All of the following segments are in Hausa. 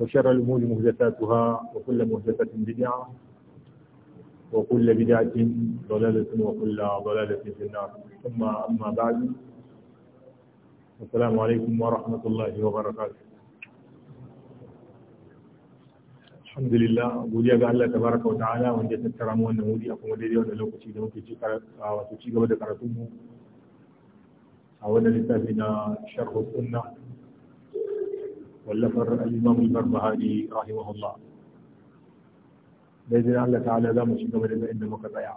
وشر الأمور مهدثاتها وكل مهدثة بدعة وكل بدعة ضلالة وكل ضلالة في النار ثم أما بعد السلام عليكم ورحمة الله وبركاته الحمد لله بودي الله تبارك وتعالى وأن جاءت الترام وأنه دي أقوم بديري وأنه لو كتشي دمو كتشي كرات آه، وكتشي قبل كراتومو أولا لسافنا شرح السنة واللفر الإمام البربهاري رحمه الله بإذن الله تعالى لا مشي من إذا إنه مقطع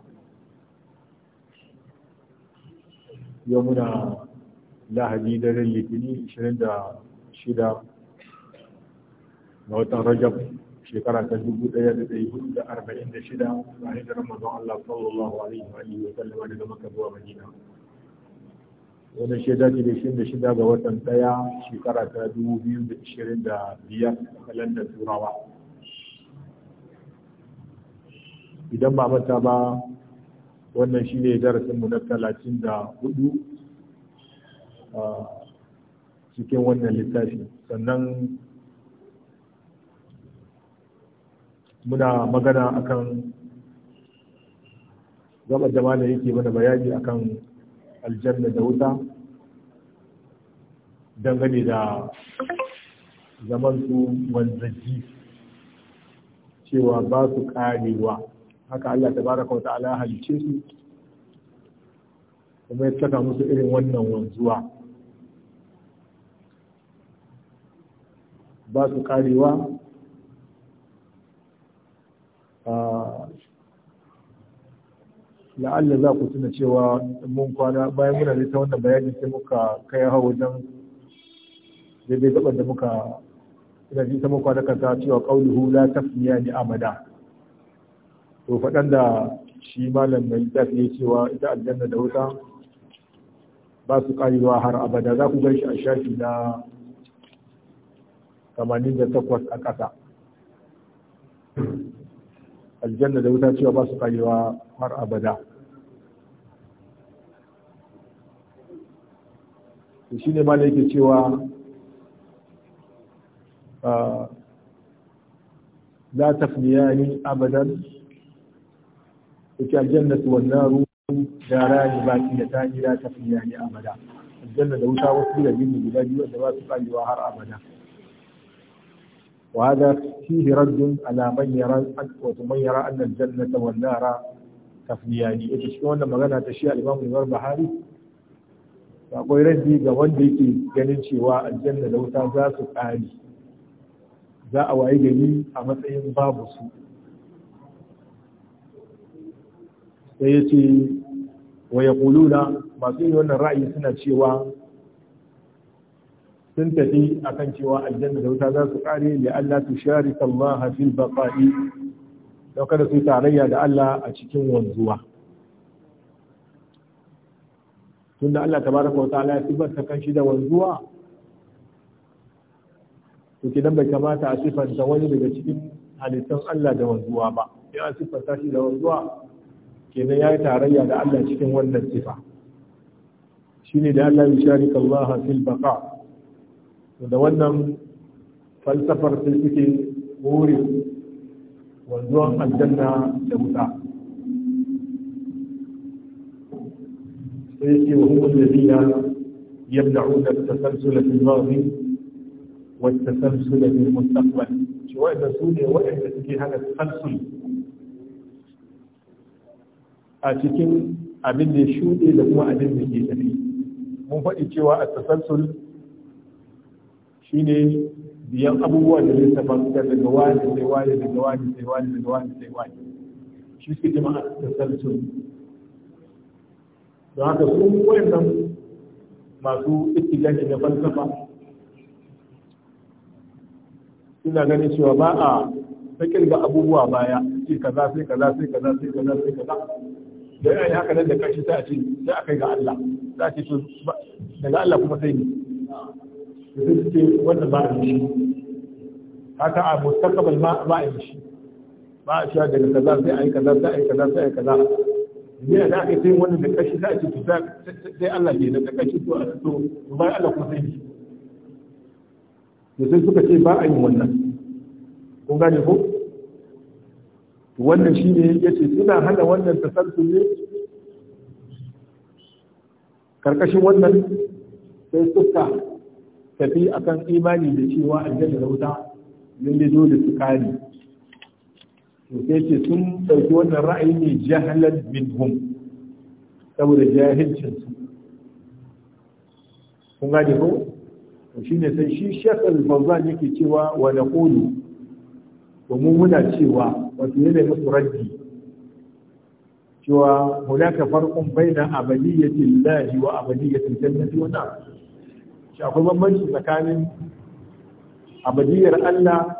يومنا لا هديد للتني شرين دا شدا نوتا رجب شكرا تجبو دا يد يهود دا أربعين دا شدا بعد رمضان الله صلى الله عليه وآله وسلم لما كبوا مدينة wani shaida ce da shi da shida ga watan ɗaya shekara ta dubu biyu da ishirin da biyar a kalandar turawa idan ba mata ba wannan shi ne darasinmu na talatin da hudu cikin wannan littafi sannan muna magana akan gaba da yake mana bayani akan aljanna da wuta dangane da zaman su wanzaji cewa ba su karewa haka Allah ta baraka wa ta'ala halice su kuma ya saka musu irin wannan wanzuwa ba su karewa la'alla za ku tuna cewa mun kwana bayan muna da ta wannan bayanin sai muka kai hawa wajen daidai gaban da muka ina ji muka kwana kanta cewa qauluhu la tafniya ni amada to faɗan da shi malam mai tafi ne cewa ita aljanna da wuta ba su karewa har abada za ku gan shi a shafi na 88 a ƙasa aljanna da wuta cewa ba su karewa har abada da shi ne mana yake cewa ah, la ni abadan yake aljannatu wan naru da ne ba ki ta ni la ni abadan aljanna da wuta wasu da jinni guda biyu da ba su kalewa har abada wa hada fihi raddun ala man yara wa man yara annal jannata wan nara ni. ita shi wannan magana ta shi al-imam Ibn Bahari akwai rabi ga wanda yake ganin cewa aljanna da wuta za su ƙari za a waye gari a matsayin babu su sai ya ce wa ya masu yi wannan ra'ayi suna cewa sun tafi akan cewa aljanna da wuta za su ƙare da Allah su share Allah fil baqa'i don kada su tarayya da Allah a cikin wanzuwa tunda Allah tabaraka wa ta'ala ya sifanta kanshi da wanzuwa to dan bai kamata a sifanta wani daga cikin halittun Allah da wanzuwa ba ya sifanta shi da wanzuwa kenan ya tarayya da Allah cikin wannan sifa shine da Allah ya sharika Allah fil baqa da wannan falsafar sai suke wuri wanzuwan aljanna da wuta السيسي وهم الذين يمنعون التسلسل في الماضي والتسلسل في المستقبل شواء سوريا واحدة في هذا التسلسل أتكين أبن يشودي لهم أبن يشودي من فأي شواء التسلسل شيني بيان أبوه اللي سفرت لجوال لجوال لجوال لجوال لجوال لجوال شو اسكت مع don haka su nan masu ittijaji na falsafa suna ganin cewa ba a sakin ga abubuwa baya ce kaza sai kaza sai kaza sai kaza sai kaza da yayin haka nan da kashi sai a ce sai a kai ga Allah za a ce to daga Allah kuma sai ne da sai suke wannan ba a shi haka a mustaqbal ma ba a shi ba a shi daga kaza sai a yi kaza sai a yi kaza sai a yi kaza yana da aka sai wannan da kashi za a ce to sai Allah ne da kashi ko a to ba Allah kuma sai shi sai suka ce ba a yi wannan kun gane ko wannan shine ce suna hana wannan tasalsul ne karkashin wannan sai suka tafi akan imani da cewa aljanna da wuta lalle dole su kare to sai sun ɗauki wannan ra'ayi ne jahalan minhum saboda jahilcin su kun gane ko to ne sai shi Sheikh Al-Fawzan yake cewa wa naqulu to mu muna cewa wato yana musu raddi cewa hunaka farqun baina abadiyyati llahi wa abadiyyati jannati wa nar shi akwai bambanci tsakanin abadiyyar Allah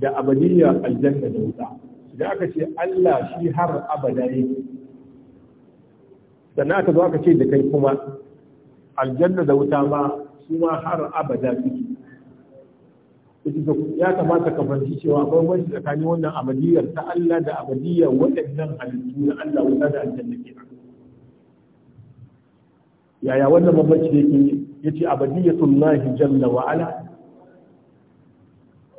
da abadiyyar aljanna da wuta da aka ce Allah shi har abada ne sannan aka zo aka ce da kai kuma aljanna da wuta ma su ma har abada suke ya kamata ka fahimci cewa akwai wani tsakanin wannan abadiyar ta Allah da abadiyar waɗannan halittu na Allah wuta da aljanna ke yaya wannan bambanci yake yace abadiyatullahi jalla wa ala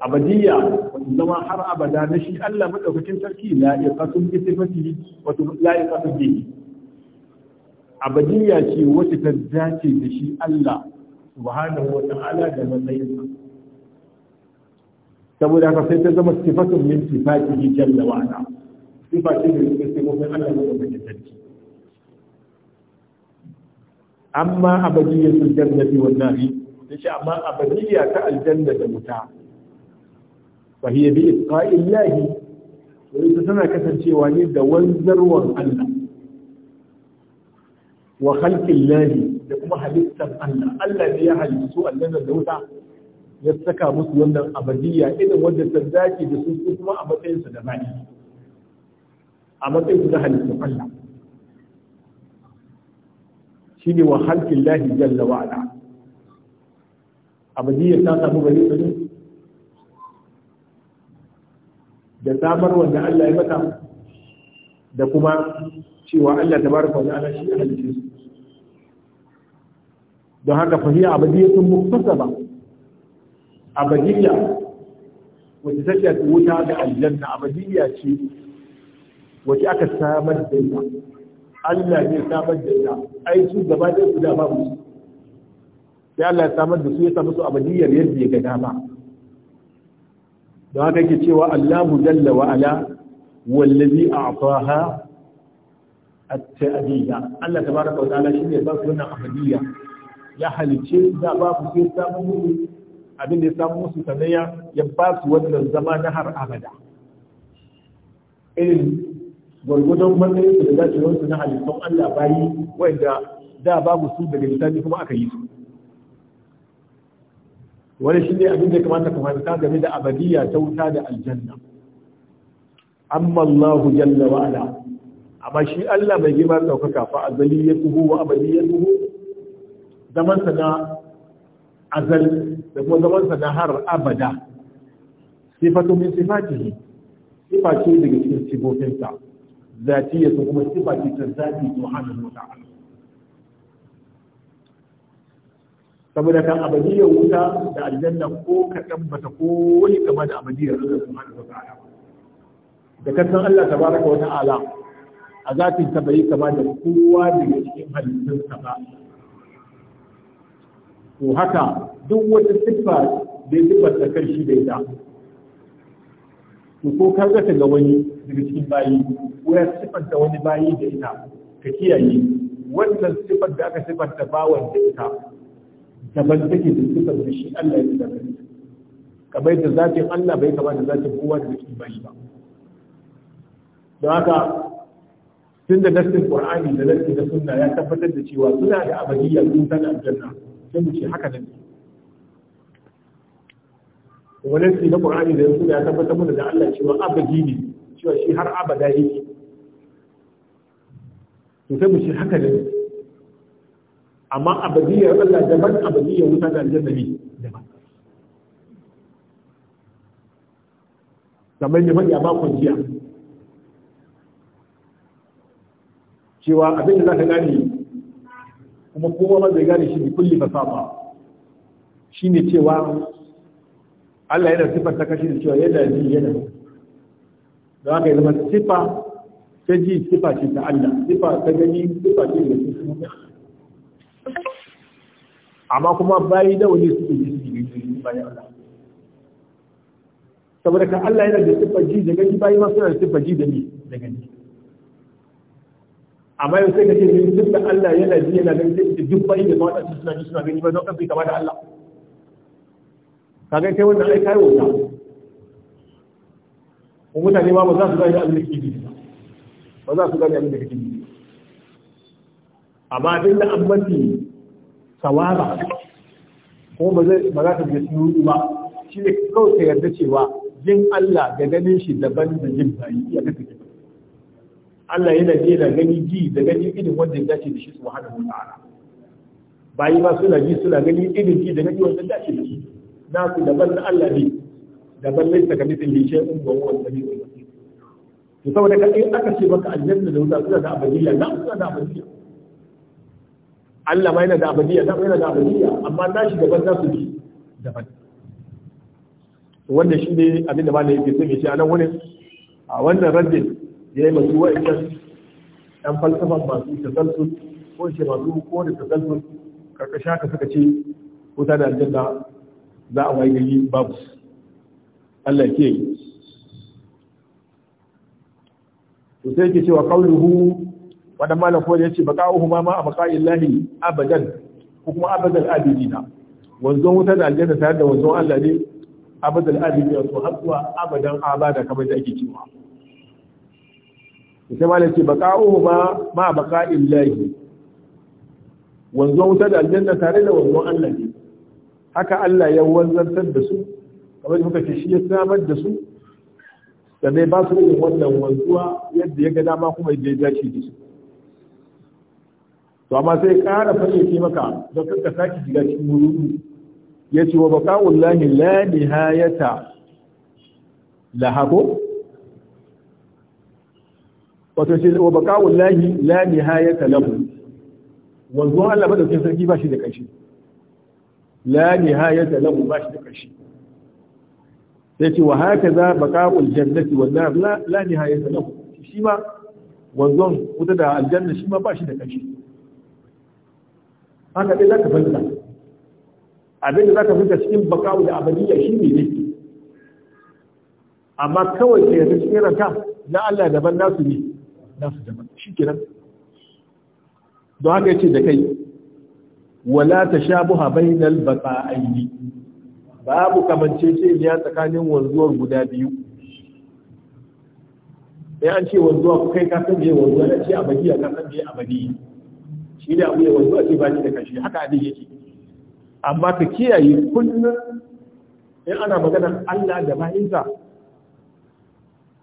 abadiyya wata zama har abada na shi Allah madaukakin sarki la yaqatun bi sifatihi wa la yaqatun bi abadiyya ce wata ta dace da shi Allah subhanahu wa ta'ala da matsayinsa saboda haka sai ta zama sifatun min sifatihi jalla wa ala sifa ce da suke sifofin Allah madaukakin sarki amma Abadiyya sun jannati wannan nari yace amma abadiyya ta aljanna da wuta fa hiya bi itqa'illahi to ita tana kasancewa ne da wanzarwan Allah wa Lahi da kuma halittar Allah Allah ne ya halittu allah da wuta ya saka musu wannan abadiyya irin wanda ta dace da su kuma a matsayinsu da bayi a matsayinsu da halittun Allah shine wa halkin lahi jalla wa ala abadiyya ta samu bari su da samar wanda Allah ya mata da kuma cewa Allah tabaraka wa ta'ala shi halice su don haka fahiya abadiyatun muktasaba abadiyya wacce take wuta da aljanna abadiyya ce wacce aka samar da ita Allah ne samar da ita ai su gaba da su da babu sai Allah ya samar da su ya samu su abadiyyar yadda ya ga dama don haka ke cewa Allahu jalla wa ala wallazi a'taha at-ta'diya Allah tabaraka wa ta'ala shine ba su wannan abadiya ya halice da ba ku sai samu musu abin da ya samu musu sanaya ya ba su wannan zama na har abada in gwargwadon matsayin da dace wasu na halittun Allah bayi wanda da babu su daga lissafi kuma aka yi su wani shi ne abin da kamata ka fahimta game da abadiya ta wuta da aljanna amma Allahu jalla wa ala amma shi Allah mai girma daukaka fa azali ya tuhu wa abadi ya tuhu zaman sa na azal da kuma zaman sa na har abada sifatu min sifatihi sifa ce daga cikin sifofinsa zatiyatu kuma sifa ce ta zati subhanahu wa ta'ala saboda kan abadiyar wuta da aljanna ko kaɗan bata ko wani kama da abadiyar Allah subhanahu wa ta'ala da kasan Allah tabaraka wa ta'ala a zafin ta bai kama da kowa daga cikin halittun sa ba to haka duk wata siffa da ya siffa ta karshi da ita to ko ka ga ga wani daga cikin bayi ko ya siffanta wani bayi da ita ka kiyaye wannan siffar da aka siffanta bawan da ita daban take da sifar da shi Allah ya sifar da kamar da zatin Allah bai kama da zatin kowa da zaki bai ba don haka tun da nassin Qur'ani da nassin da sunna ya tabbatar da cewa suna da abadiyya sun san aljanna sai mu ce haka ne wani nassi na Qur'ani da sunna ya tabbatar mana da Allah cewa abadi ne cewa shi har abada yake to sai mu ce haka ne amma abadiyar Allah daban abadiyar wuta da aljanna ne daban kamar ne faɗi a bakon jiya cewa abin da zaka ka gane kuma kowa ba zai gane shi da kulli Shi shine cewa Allah yana sifar ta kashi da cewa yana ji yana da haka zama sifa ta ji sifa ce ta Allah sifa ta gani sifa ce da sifofin amma kuma bayi da wani su ji su ji bayan Allah saboda kan Allah yana da sifar ji da gani bayi ma suna da siffar ji da ni da gani amma yau sai ka ce duk da Allah yana ji yana gani sai da duk bayi da ma wadanda suna ji suna gani ba don kafin kama da Allah kaga kai wannan ai kai wuta mutane ma ba za su gane abin da kake ji ba za su gane abin da kake ji amma abin da an mafi sawaba ko ba zai ba za ka je sunuru ba shi ne kawai ka yarda cewa jin Allah da ganin shi daban da jin bayi ya ka take Allah yana ji da gani ji da gani irin wanda ya dace da shi subhanahu wa ta'ala bayi ba suna ji suna gani irin ji da gani wanda ya dace da shi na su daban da Allah ne daban ta ka mutum ne shay'un wa huwa al-sami'ul basir to saboda ka in aka ce maka aljanna da wuta suna da abadiya na suna da abadiya Allah ma yana da abadiya, ta yana da abadiya, amma na shi gaban za su bi daban wannan shi ne abin da malai yake sanya shi a nan wani a wannan raddin ya yi masu wa'ancan ɗan falsafan masu tasalsul ko shi masu ko da tasalsul karkashin haka suka ce ko ta da aljanna za a wayi gari babu Allah ke yi to sai yake cewa qawluhu wadan malam ko yace uhu ma ma abqa illahi abadan ko kuma abadan abidina wanzon wuta da aljanna tare da wanzon Allah ne abadan abidina to har zuwa abadan abada kamar da ake cewa sai malam ce uhu ma ma abqa illahi wanzon wuta da aljanna tare da wanzon Allah ne haka Allah ya wanzantar da su kamar da muka ce shi ya samar da su sannan ba su irin wannan wanzuwa yadda ya ga dama kuma ya dace da su to amma sai ƙara fayyace maka don kanka sake shiga cikin wurin ya ce wa baka lahi la nihayata lahako wato ce wa baka lahi la nihayata lahu wanzuwan Allah madaukin sarki ba shi da ƙarshe la nihayata lahu ba shi da ƙarshe sai ce wa haka za baka'ul jannati wannan la nihayata lahu shi ma wanzuwan wuta da aljanna shi ma ba shi da ƙarshe haka dai zaka fahimta abin da zaka fahimta cikin bakawu da abadiyya shi ne amma kawai ke yanzu cikin ranka na Allah daban nasu ne nasu daban kenan don haka yace da kai wala tashabuha bainal baqa'aini babu kamanceceniya tsakanin wanzuwar guda biyu sai an ce wanzuwa kai ka san je wanzuwa ce abadiya ka san je abadiya gida abu ya wanzu a ce ba da kashi haka abin yake amma ka kiyaye kullum in ana maganar Allah da bayinsa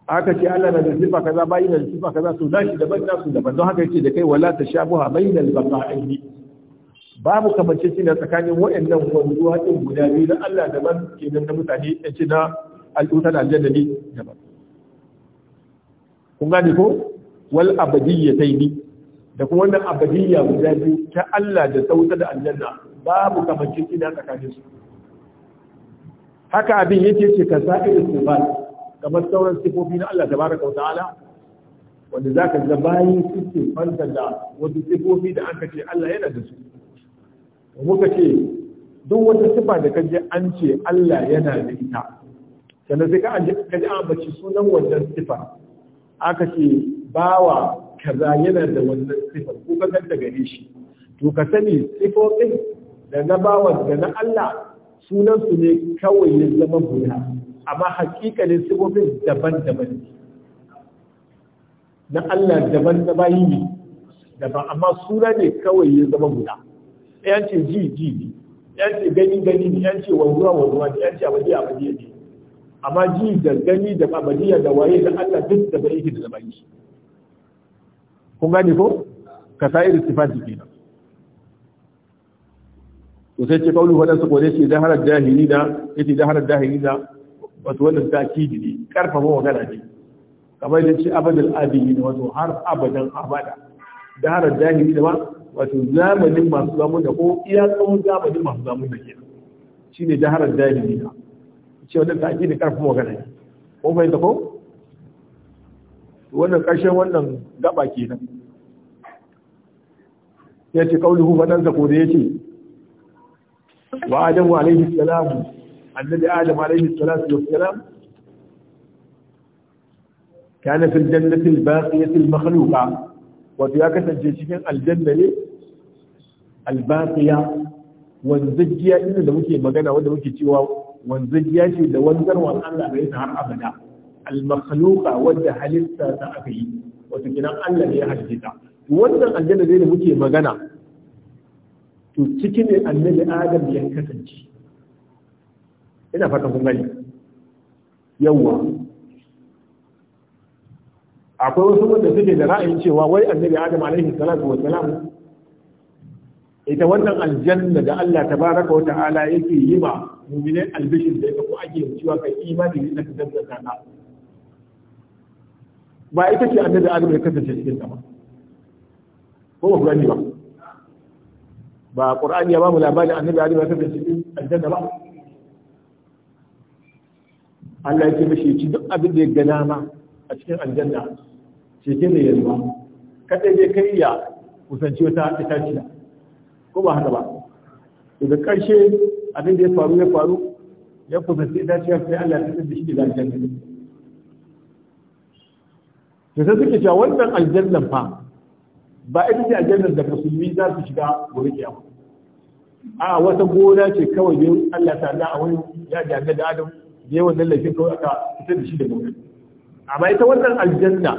aka ce Allah na da sifa kaza bayin da sifa kaza to da daban nasu daban don haka ce da kai wala tashabuha bainal baqa'aini babu kamance shi tsakanin wa'annan wanzuwa din guda biyu na Allah da daban kenan da mutane ce na al'utar aljanna ne daban kun gane ko wal abadiyataini da kuma wannan abadiyya guda biyu ta Allah da sauta da aljanna babu kamancin ina tsakanin su haka abin yake ce ka sa'ir sifat kamar sauran sifofi na Allah tabaraka wa ta'ala wanda zaka ga bayi suke fanta da wasu sifofi da aka ce Allah yana da su muka ce duk wata sifa da kaje an ce Allah yana da ita sannan sai ka ji an bace sunan wannan sifa aka ce bawa kaza yana da wannan sifa ko ka ganta gare shi to ka sani sifofin da na bawa da na Allah sunan su ne kawai ya zama guda amma hakikalin sifofin daban-daban ne na Allah daban na bayi ne daban amma suna ne kawai ya zama guda ɗayan ce ji ji ne ɗayan ce gani gani ne ɗayan ce wanzuwa wanzuwa ne ɗayan ce abadi abadi ne amma ji da gani da abadiya da waye da Allah duk da bai yake da zama yi kun gane ko ka sa'ir istifati kenan to sai ce kaulu wadansu ko ne ce zaharar jahili da yace zaharar jahili da wato wannan takidi ne karfafa magana ne kamar da shi abadul abidi ne wato har abadan abada zaharar jahili da ma wato zamanin masu zamun da ko iya tsawon zamanin masu zamun da ke da zaharar jahili da shi wannan takidi karfafa magana ne ko bai ko wannan ƙarshen wannan gaba kenan ya ce kauluhu fadan sa ko da yace wa adamu alaihi salam annabi adam alaihi salatu wassalam kana fil jannati al baqiyati al makhluqa wato ya kasance cikin aljanna ne al baqiya wanzajiya inda da muke magana wanda muke cewa wanzajjiya ce da wanzarwa Allah bai ta har abada al-makhluqa wadda halitta ta aka yi wato kinan Allah ne ya halitta ta wannan aljanna ne da muke magana to cikin ne annabi Adam ya kasance ina fatan kun gani yawa akwai wasu wanda suke da ra'ayin cewa wai annabi Adam alaihi salatu wa salam ita wannan aljanna da Allah tabaraka wa ta'ala yake yi ma mu'minin albishir da ita ko ake cewa kai imani ne da ka tabbata ba ita ce annabi adam ya kasance cikin ta ba ko ba gani ba ba qur'ani ya ba mu labarin annabi adam ya kasance cikin aljanna ba Allah ya ce mishi ci duk abin da ya gana ma a cikin aljanna cikin da ya zuwa Kaɗai ne kai ya kusanci wata itaciya ko ba haka ba daga ƙarshe abin da ya faru ya faru ya kusanci itaciya sai Allah ya kasance shi da aljanna to sai suke cewa wannan aljannan fa ba ita ce aljannan da musulmi za su shiga gobe kiyama a wata gona ce kawai ne Allah ta a wani ya jami'a da Adam da yawan lallafin kawai aka fitar da shi da gobe amma ita wannan aljanna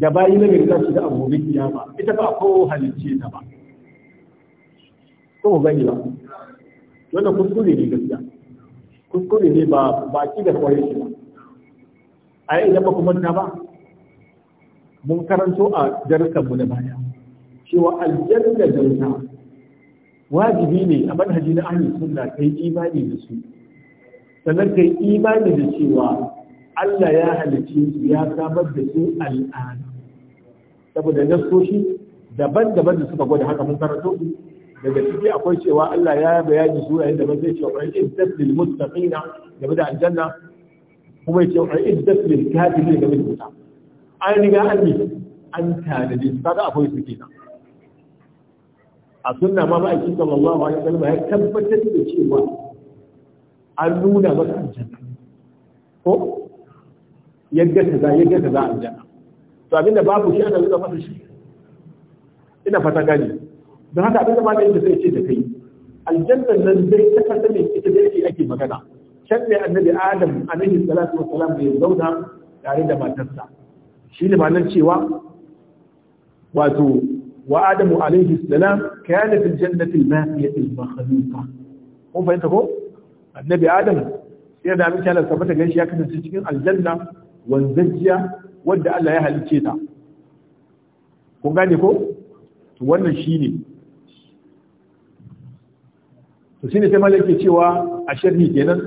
da bayi na gari za su da gobe kiyama ita ba ko halicce ta ba ko gani ba wannan kuskure ne gaskiya kuskure ne ba ba ki da kwaye shi ba ai idan ba kuma ta ba mun karanto a mu na baya cewa aljanna da wuta wajibi ne a manhaji na ahli sunna kai imani da su sannan kai imani da cewa Allah ya halicce su ya samar da su al'ada saboda nasoshi daban-daban da suka gwada haka mun karanto daga ciki akwai cewa Allah ya bayani su yayin da ba zai cewa ƙwarai iddat lil game da aljanna kuma ya ce ƙwarai iddat lil kafirin game da wuta an riga an yi an tanadi kaga akwai su kenan a sunna ma ma'aikin sallallahu alaihi wasallam ya tabbatar da cewa an nuna masa aljanna ko yadda ta za yadda ta za jana to abinda babu shi ana nuna masa shi ina fata gani don haka abinda ma da yadda sai ce da kai aljannan nan zai ta fata ne ita da yake ake magana can ne annabi adam alaihi salatu wa da ya zauna tare da matarsa shi ne ma nan cewa wato wa adamu alaihi salam kana fil jannati al-mafiyati al-makhluqa kun fahimta ko annabi adam sai da miki Allah sabata gan shi ya kasance cikin aljanna wanzajiya wanda Allah ya halice ta kun gane ko to wannan shine to shine sai malaka cewa a sharhi kenan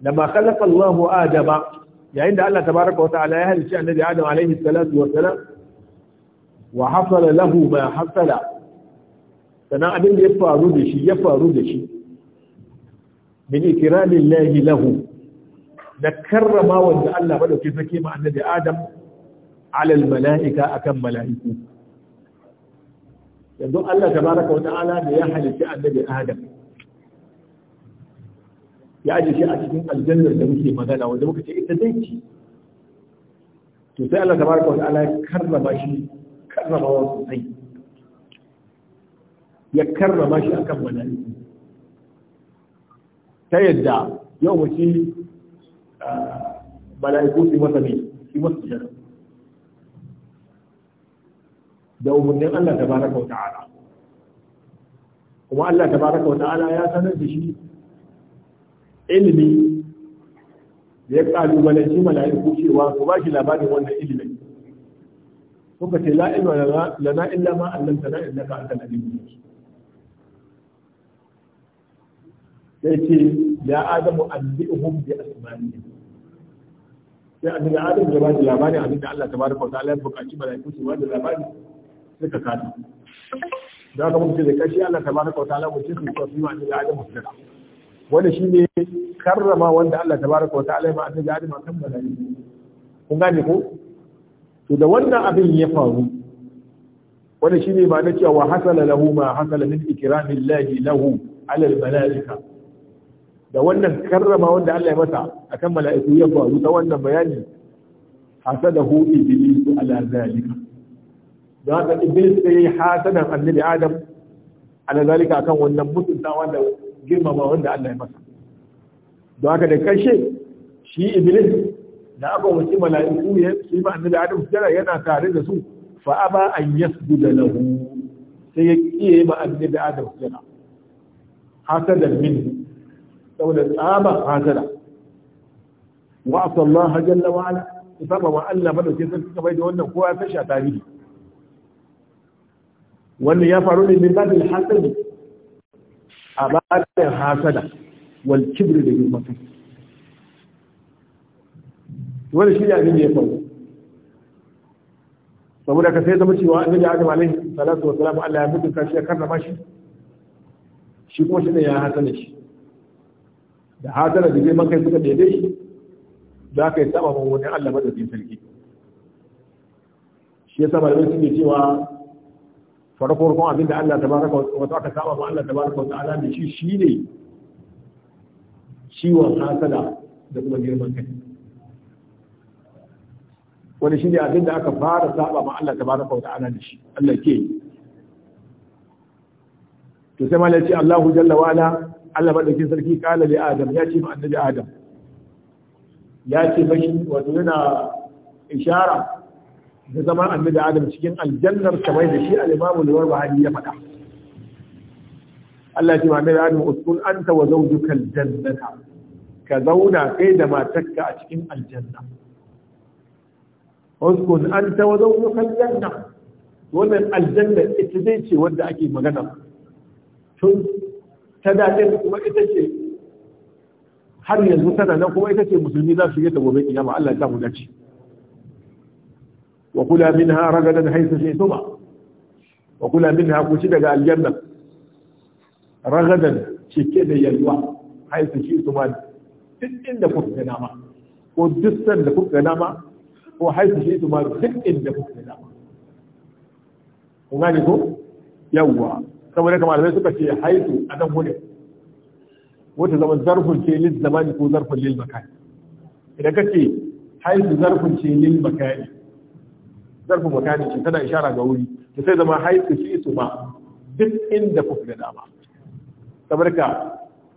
da ma khalaqa Allahu adama yayin da Allah tabaraka wata'ala ya halicci annabi Adam alaihi salatu wassalam wa hasala lahu ma hasala sanan abin da ya faru da shi ya faru da shi min ikramillahi lahu da karrama wanda Allah madauki sake ma annabi Adam ala mala'ika akan malaiku yanzu Allah tabaraka wata'ala da ya halicci annabi Adam ya ajiye shi a cikin aljannar da muke magana wanda muka ce ita zai ci to sai Allah tabaraka wa ta'ala ya karrama shi karrama wa sosai ya karrama shi akan mala'iku ta yadda yau mace mala'iku su masa ne su masa jana da umarnin Allah tabaraka wa ta'ala kuma Allah tabaraka wa ta'ala ya sanar da shi ilimi da ya kalubalanci mala'iku cewa ku ba shi labarin wannan ilimin suka ce la ilma lana illa ma allamtana innaka antal alim sai ce ya adamu anbi'uhum bi asma'ihim sai annabi adam ya ba shi labari da Allah tabaraka wa ta'ala ya buƙaci malaiku su ba da labari ka kada da haka mun ce da kashi Allah tabaraka wa ta'ala mun ce su ko su ma annabi adamu su kada wanda shi ne karrama wanda Allah ta tabaraka wa ta'ala ma annabi Adam kan bala'i kun gane ko to da wannan abin ya faru wanda shi ne ba na cewa hasala lahu ma hasala min ikramillahi lahu ala almalaika da wannan karrama wanda Allah ya masa akan mala'iku ya faru ta wannan bayani hasadahu iblis ala zalika da haka iblis sai hasadan annabi Adam ala zalika akan wannan mutuntawa da girmama wanda Allah ya masa don haka da karshe shi iblis da aka wuce mala'iku ya yi ba annabi adam sujada yana tare da su fa aba an yasjuda lahu sai ya kiye ma annabi adam sujada hasada min saboda tsaba hasada wa asallaha jalla wa ala saba wa Allah madauke sun suka bai da wannan kowa ya tashi a tarihi wannan ya faru ne min babin hasadi a bayan hasada wal kibri da girman kai wani shi ne abin ya faru saboda ka sai zama cewa annabi adam alaihi salatu wa salam Allah ya mutunta shi ya karrama shi shi kuma shi ne ya hasada shi da hasada da girman kai suka daidai shi za ka yi saba ma wani Allah madadin sarki shi ya saba da wani suke cewa farko farkon abin da Allah tabaraka wa ta'ala aka saba ma Allah tabaraka wa ta'ala da shi shine ciwon hasala da kuma girman kai wani shine abin da aka fara saba ma Allah tabaraka wa ta'ala da shi Allah ke to sai malai ce Allahu jalla wa ala Allah madaukin sarki kala li Adam ya ce ma annabi Adam ya ce mashi wato yana ishara da zama annabi adam cikin aljannar kamar da shi al-imamu al-warbahi ya faɗa Allah ya ce ma da adam uskun anta wa zawjuka al-jannata ka zauna kai da matarka a cikin aljanna uskun anta wa zawjuka al-janna wannan aljanna ita dai ce wanda ake magana tun ta dace kuma ita ce har yanzu tana nan kuma ita ce musulmi za su yi ta gobe kiyama Allah ya mu dace wa kula minha ragadan haythu shi'tuma wa kula minha ku daga aljanna ragadan cike da yalwa haythu shi'tuma duk inda kuka ga dama ko duk sanda kuka ko haythu shi'tuma duk inda kuka ga dama kun gane ko yawwa saboda kamar sai suka ce haythu anan gurin wata zama zarfin ce zamani ko zarfin lil makani idan kace haythu zarfin ce lil makani zarfi mutane ce tana ishara ga wuri ta sai zama haifu shi su ma duk inda kuka da dama tabarka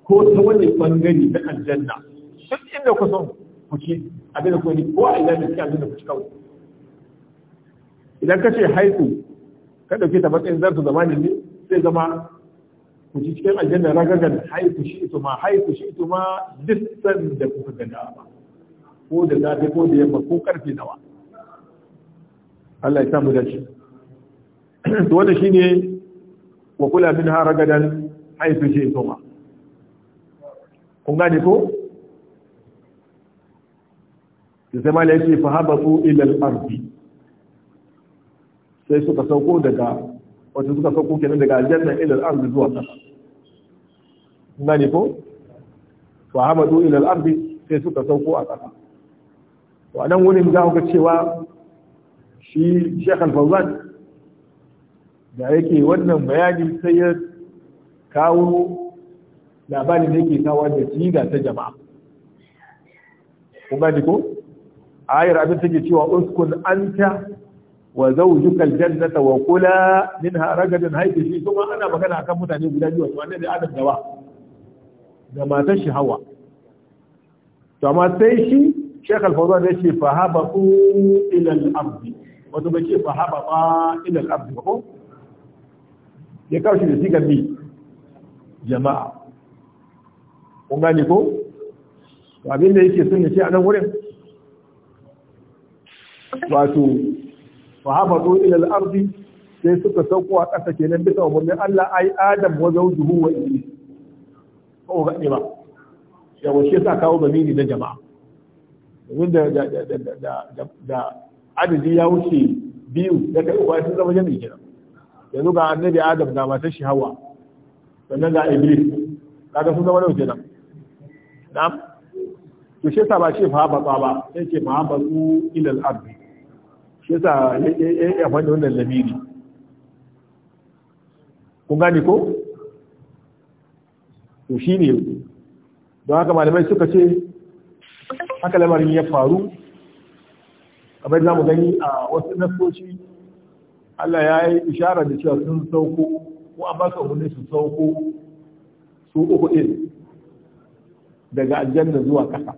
ko ta wani bangare na aljanna duk inda ku son kuke abin da ku ko a ina da kyan abin da ku ci kawai idan ka ce haifu ka dauke ta matsayin zarfi zamanin ne sai zama ku ci cikin aljanna ragagan haifu shi su ma haifu shi su ma duk da kuka da dama ko da zafi ko da yamma ko karfe nawa Allah ya samu da shi to wannan shine wa kula min ha ragadan haifu shi tuma kun gane ko sai ma ya ce fa habatu ila al-ardi sai suka sauko daga wato suka sauko kenan daga aljanna ila al-ardi zuwa sama kun gane ko fa habatu ila al-ardi sai suka sauko a sama wannan wurin za ku cewa shi Sheikh fawzan da yake wannan bayani sai ya kawo labarin da yake kawo da siga ta jama'a kuma ko ayar abin take cewa uskun anta wa zawjuka aljannata wa kula minha ragadan haythu shi kuma ana magana akan mutane guda biyu wato annabi Adam da wa da matar shi Hawa to amma sai shi Sheikh fawzan ya ce fa habaqu ila al ardh wato bai ce fahaba ba ila al ba ko ya kawo shi da sigar bi jama'a kun gane ko to abin da yake ya ce a nan wurin wato fahaba zo ila al-ardi sai suka sauko a ƙasa kenan bisa umarnin Allah ai Adam wa zawjuhu wa Iblis ko ga ne ba ya shi sa kawo zamiri na jama'a wanda da da da da adadi ya wuce biyu da kai uku sun zama jami'in kenan yanzu ga annabi adam ga matar shi hawa sannan ga iblis kaga sun zama nawa kenan Na. to shi yasa ba ce fa ba ba sai ce fa ba su abu. al-ard shi yasa ya fadi wannan lamiri kun gane ko to shine don haka malamai suka ce haka lamarin ya faru kamar za mu gani a wasu nasoci Allah ya yi ishara da cewa sun sauko ko an ba su umarni su sauko su uku ɗin daga aljanna zuwa ƙasa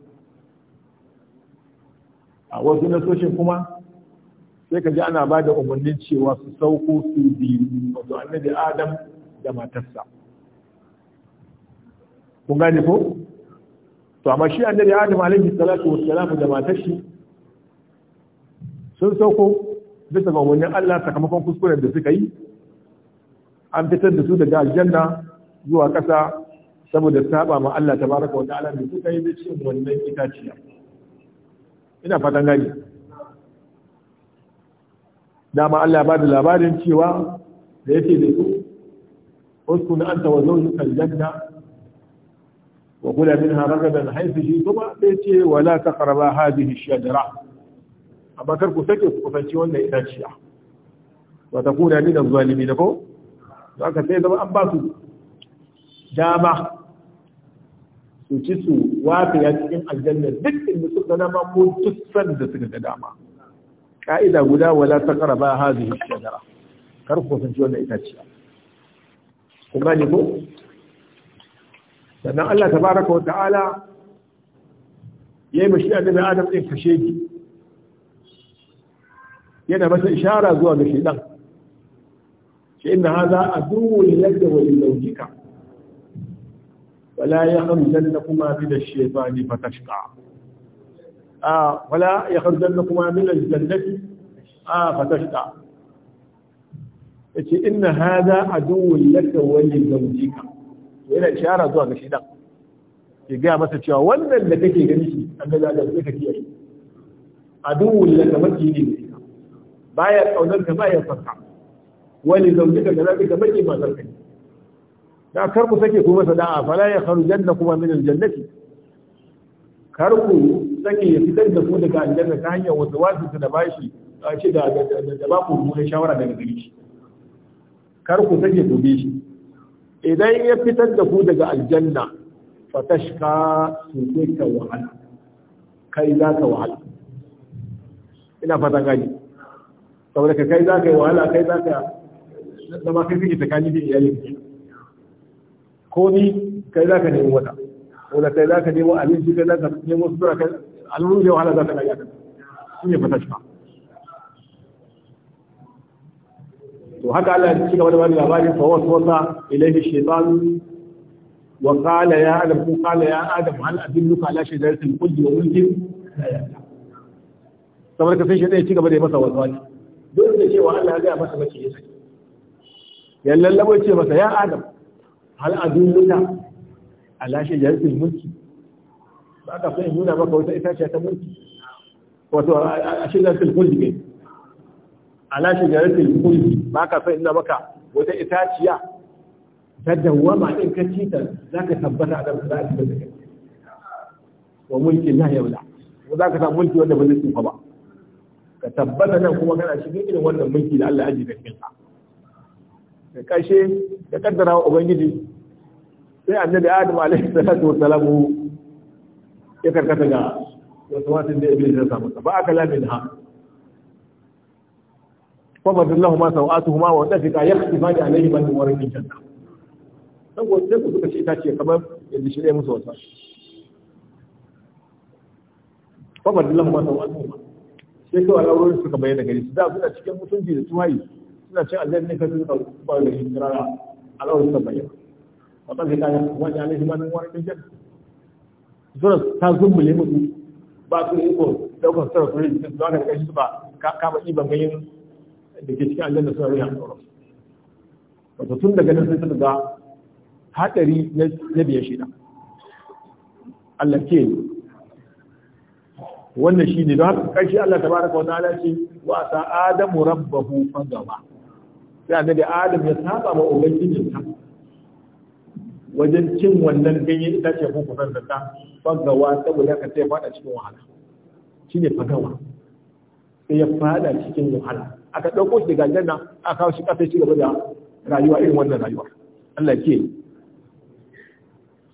a wasu nasoshin kuma sai ka ji ana ba da umarnin cewa su sauko su biyu wato annabi adam da matarsa kun gane ko to amma shi annabi adam alaihi salatu wassalamu da matarsa sun sauko bisa ga wani Allah sakamakon kuskuren da suka yi an fitar da su daga aljanna zuwa ƙasa saboda saba ma Allah ta baraka wani ala da suka yi da cin wannan itaciya ina fatan gani dama Allah ba da labarin cewa da yake da su na anta wa zawjuka aljanna wa kula minha ragadan haythu kuma sai ce wala taqrabu hadhihi shajara amma kar ku sake ku kusanci wannan itaciya wa ta kuna ni da zalimi da ko za ka sai zama an ba su dama su ci su wafe ya cikin aljanna duk inda su ga dama ko duk san da suka ga dama ka'ida guda wala ta karaba hazihi shajara kar ku kusanci wannan itaciya ku gane ko sannan Allah tabaraka wa ta'ala yayi mashi annabi Adam din kashe shi yana masa ishara zuwa ga shaidan shi haza a aduwwu lillaka wani lillawjika wala ya na kuma yakhrujannakum da ash-shaytani fatashqa ah wala ya yakhrujannakum min al-jannati ah fatashqa yace inna hadha aduwwu lillaka wa lillawjika yana ishara zuwa ga shaidan ke gaya masa cewa wannan da kake gani shi an da za ka kiyaye aduwwu lillaka maki ne baya kaunar ka baya farka Wani wani da daga zabi ka baki matar ka da kar ku sake ku masa da'a fala ya janna kuma min aljannati kar ku sake ya fitar da ku daga aljanna ta hanyar wasu wasu da bashi a ce da da ba ku mun shawara daga gare shi kar ku sake ku bi shi idan ya fitar da ku daga aljanna tashka su ke ka wahala kai za ka wahala ina fata gani saboda ka kai za ka yi wahala kai za ka zama kai kake tsakani da iyali ko ni kai za ka nemi wata wanda kai za ka nemo abinci kai za ka nemo sutura kai alwuru da wahala za ka kai yakan shi ne fata shifa to haka Allah ya ci gaba da bani labarin fa wasu wasa ilaihi shaytan wa qala ya adam ko qala ya adam hal adilluka ala shajaratil khuldi wa mulkin saboda ka sai shaytan ya ci gaba da masa wasu wani duk da cewa Allah ya gaya masa mace ya saki ya lallabo ce masa ya adam hal adulluka ala shajaratil mulki ba ka sai nuna maka wata itaciya ta mulki wato a shajaratil mulki ne ala shajaratil mulki ba ka sai nuna maka wata itaciya ta dawwama in ka cita zaka tabbata a da za da kai? wa mulki la yawla ko ka samu mulki wanda ba zai tsufa ba ka tabbata nan kuma kana cikin irin wannan mulki da Allah ya ajiye cikin ka da kashe da kaddara wa ubangiji sai annabi Adam alaihi salatu wassalamu ya karkata ga wasu wasin da iblis ya samu ba aka lamin ha فبد لهما wa dafika يخصفان عليهما من ورق الجنة dan gobe sai suka ce itace kamar yadda ne musu wasa fa madallahu ma sawatuhuma sai kawai al'aurorin suka bayyana gari su da suna cikin mutunci da tuwayi suna cin aljanna ne kasu suka ba da kirara al'aurorin suka bayyana wata sai kaga wani alaihi manin wani ɗin sura ta zumbule mutu ba su yi ko daukar sura su rinjin su haka da kashi ba kama ɗiban ganyen da ke cikin aljanna suna rinjin al'aurorin wato tun daga nan sai suka ga haɗari na biyar shida Allah ke wannan shi ne don haka karshe Allah ta baraka wata ala ce wa sa adamu rabbahu ya sai da adam ya saba wa ubangijinsa wajen cin wannan ganye ita ce ko kusan da ta fagawa saboda ka sai fada cikin wahala shi ne fagawa sai ya fada cikin wahala aka ɗauko shi daga janna a kawo shi ƙasa shi gaba da rayuwa irin wannan rayuwa Allah ke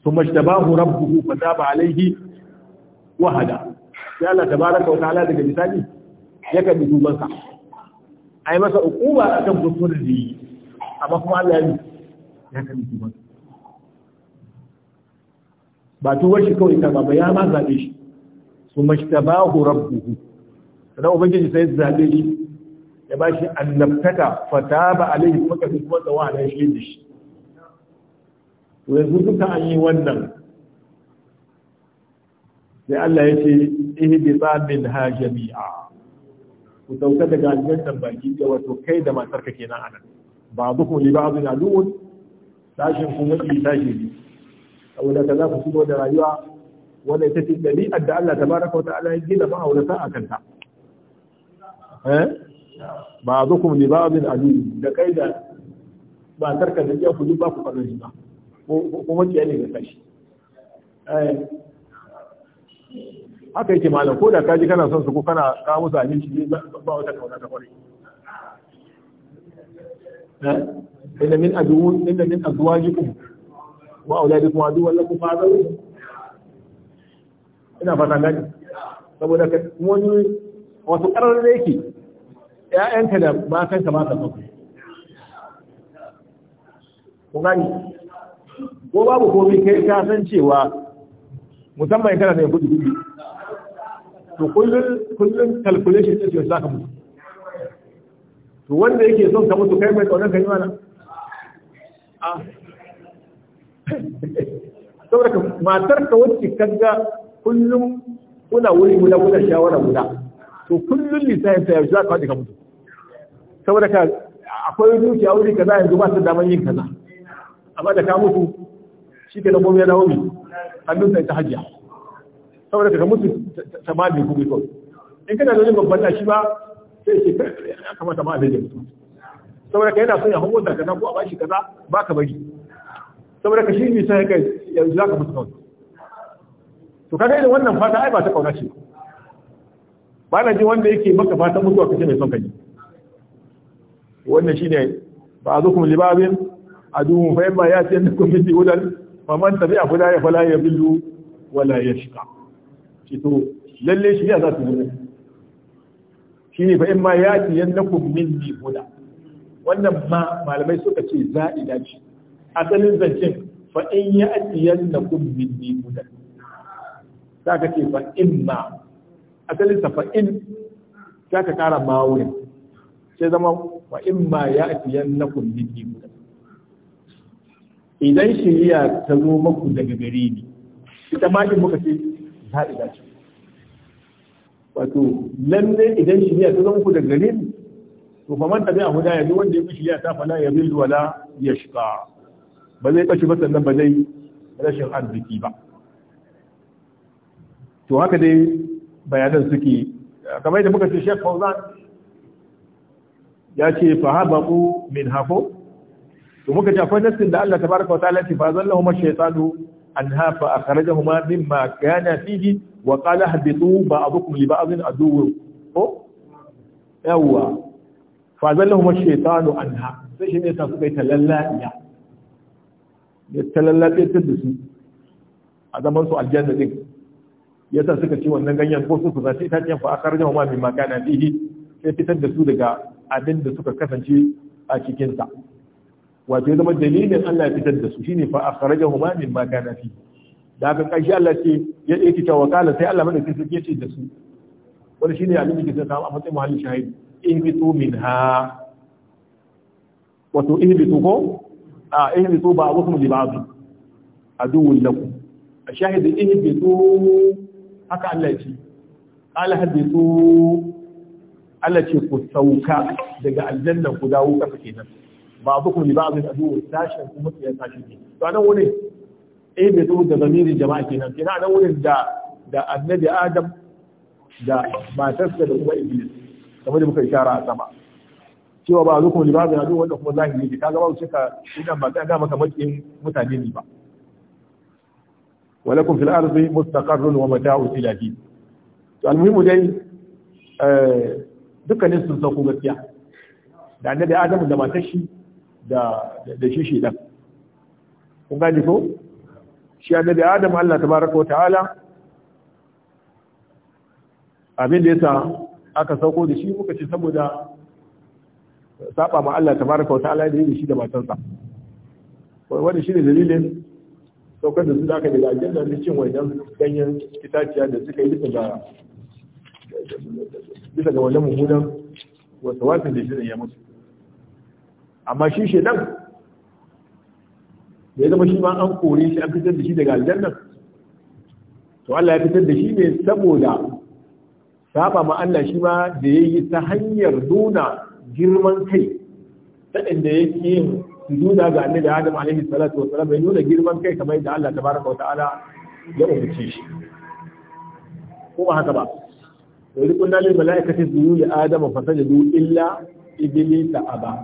ثم اجتباه ربه فتاب عليه وهدى sai Allah tabaraka wa ta'ala daga misali ya kan duban sa ai masa hukuma akan kusurin da yi amma kuma Allah ya ya bi duban ba tuwar shi kawai ta ba ya ma zabe shi su mashtabahu rabbuhu sannan ubangiji sai zabe shi ya ba shi annabtaka fataba alaihi kuma ka kuma tsawa na shi da shi to yanzu duka an yi wannan sai Allah ya ce ihbita ha jami'a ku sauka daga aljannan baki da wato kai da matar ka kenan anan ba'dukum li ba'din aduwwun tashin ku maki tashi ne saboda kaza ku shigo da rayuwa wanda ita ce dabi'ar da Allah tabaraka wa ta'ala ya gina ma'aurata a kanta eh ba'dukum li ba'din aduwwun da kai da matar ka da iya ku duk ba ku fara shi ba ko kuma ne ga tashi eh haka yake malam ko da ka ji kana son su ko kana ka musu abinci ne ba wata kauna ta kwarai eh? inna min aduwwin inna min azwajikum wa auladikum aduwwan lakum fa'dhu ina fata gani saboda ka wani wato karar da yake ƴaƴanka da ba kanka ba ka so ku gani ko babu komai kai ka san cewa musamman kana da gudu-gudu. to kullun kullun calculation din sai saka mutu to wanda yake son ka mutu kai mai ka kai mana a saboda matar ka wacce kaga kullum kuna wuri guda kuna shawara guda to kullun lissafin ta yaushe za ka ka mutu saboda ka akwai dukiya wuri kaza yanzu ba su daman yin kaza amma da ka mutu shi ke na gomi ya dawo mai hannunsa ta hajiya saboda ka mutu ta ma biyu kuma kawai in kana da babban da shi ba sai ce ya kamata ma a daidai mutu saboda ka yana son ya hango da kaza ko a bashi kaza ba ka bari saboda ka shi ne sai ka yanzu za ka mutu kawai to kaga irin wannan fata ai ba ta kauna ce ba na ji wanda yake maka fatan mutuwa ce mai son ka wannan shine ba azukum libabin aduhum fa yamma yati annakum bi hudan faman tabi a kula ya fala ya bindu wala ya shika ce to lalle shi ya za su zo shi ne fa in ma ya ci min ne kula wannan ma malamai suka ce za'ida ce asalin zancen fa in ya ci min ne kula za ka ce fa in ma asalin sa fa in za ka kara ma wurin sai zama wa in ma ya ci min ne kula idan shirya ta zo maku daga gare ni ita ma in muka ce ta ida ce wato lalle idan shirya ta zo maku daga gare ni to fa man tabi'a huda yanzu wanda ya fi shirya ta fala ya zai wala ya shqa ba zai kashi ba sannan ba zai rashin arziki ba to haka dai bayanan suke kamar yadda muka ce shek Fauzan ya ce fa habu min hako to muka ji akwai nassin da Allah tabaraka wa ta'ala ce fa zallahu ma shaytanu anha fa akhrajahuma mimma kana fihi wa qala habitu ba'dukum li ba'dhin aduwwu ko yawa fa zallahu ma shaytanu anha sai shi ne ta suka yi talallaya ya talallaye ta dusu su a zaman su aljanna din Ya sa suka ci wannan ganyen ko su zaci ta ce fa akhrajahuma mimma kana fihi sai fitar da su daga abin da suka kasance a cikin ta. wato ya zama dalilin Allah ya fitar da su shine fa akhrajahuma ma kana fi da haka kashi Allah ce ya yake ta wakala sai Allah madaukakin sarki ya ce da su wani shine abin da ke sa a matsayin muhallin shahid min minha wato ihbitu ko a ihbitu ba abukum li ba'd aduwwun lakum ashahid ihbitu haka Allah ya ce qala hadithu Allah ce ku sauka daga aljanna ku dawo kafa kenan ba abu kuma ba abin adu sashen kuma ya sashi ne to anan wurin eh bai zo da zamirin jama'a kenan kenan anan wurin da da annabi adam da matarsa da kuma iblis kamar da muka ishara a sama cewa ba zuku libabin adu wanda kuma zahiri ne kaga ba su cika idan ba ta dama kamar kin mutane ne ba walakum fil ardi mustaqarrun wa mata'u ila hin to almuhimu dai eh dukkanin sun sauko gaskiya da annabi adam da matar shi da shi shi ɗan kun gani ko shi da adam Allah baraka wa ta'ala abin da sa aka sauko da shi muka ce saboda saba ma Allah baraka wa ta'ala da yi shi da matansa Wani shi ne dalilin saukar da su da aka daga ajiyar da cin wajen ganyen itaciya da suka yi bisa ga bisa ga wannan mummunan wasu wasan da shi ne ya mutu amma shi nan, da ya zama shi ma an kore shi an fitar da shi daga aljannan to Allah ya fitar da shi ne saboda saba ma Allah shi ma da ya yi ta hanyar nuna girman kai ta inda yake yin sujuda ga annabi Adam alaihi salatu wa salam ya nuna girman kai kamar yadda Allah tabaraka wa ta'ala ya umarci shi ko ba haka ba wa kunna lil malaikati sujudu li adama sajadu illa iblisa aba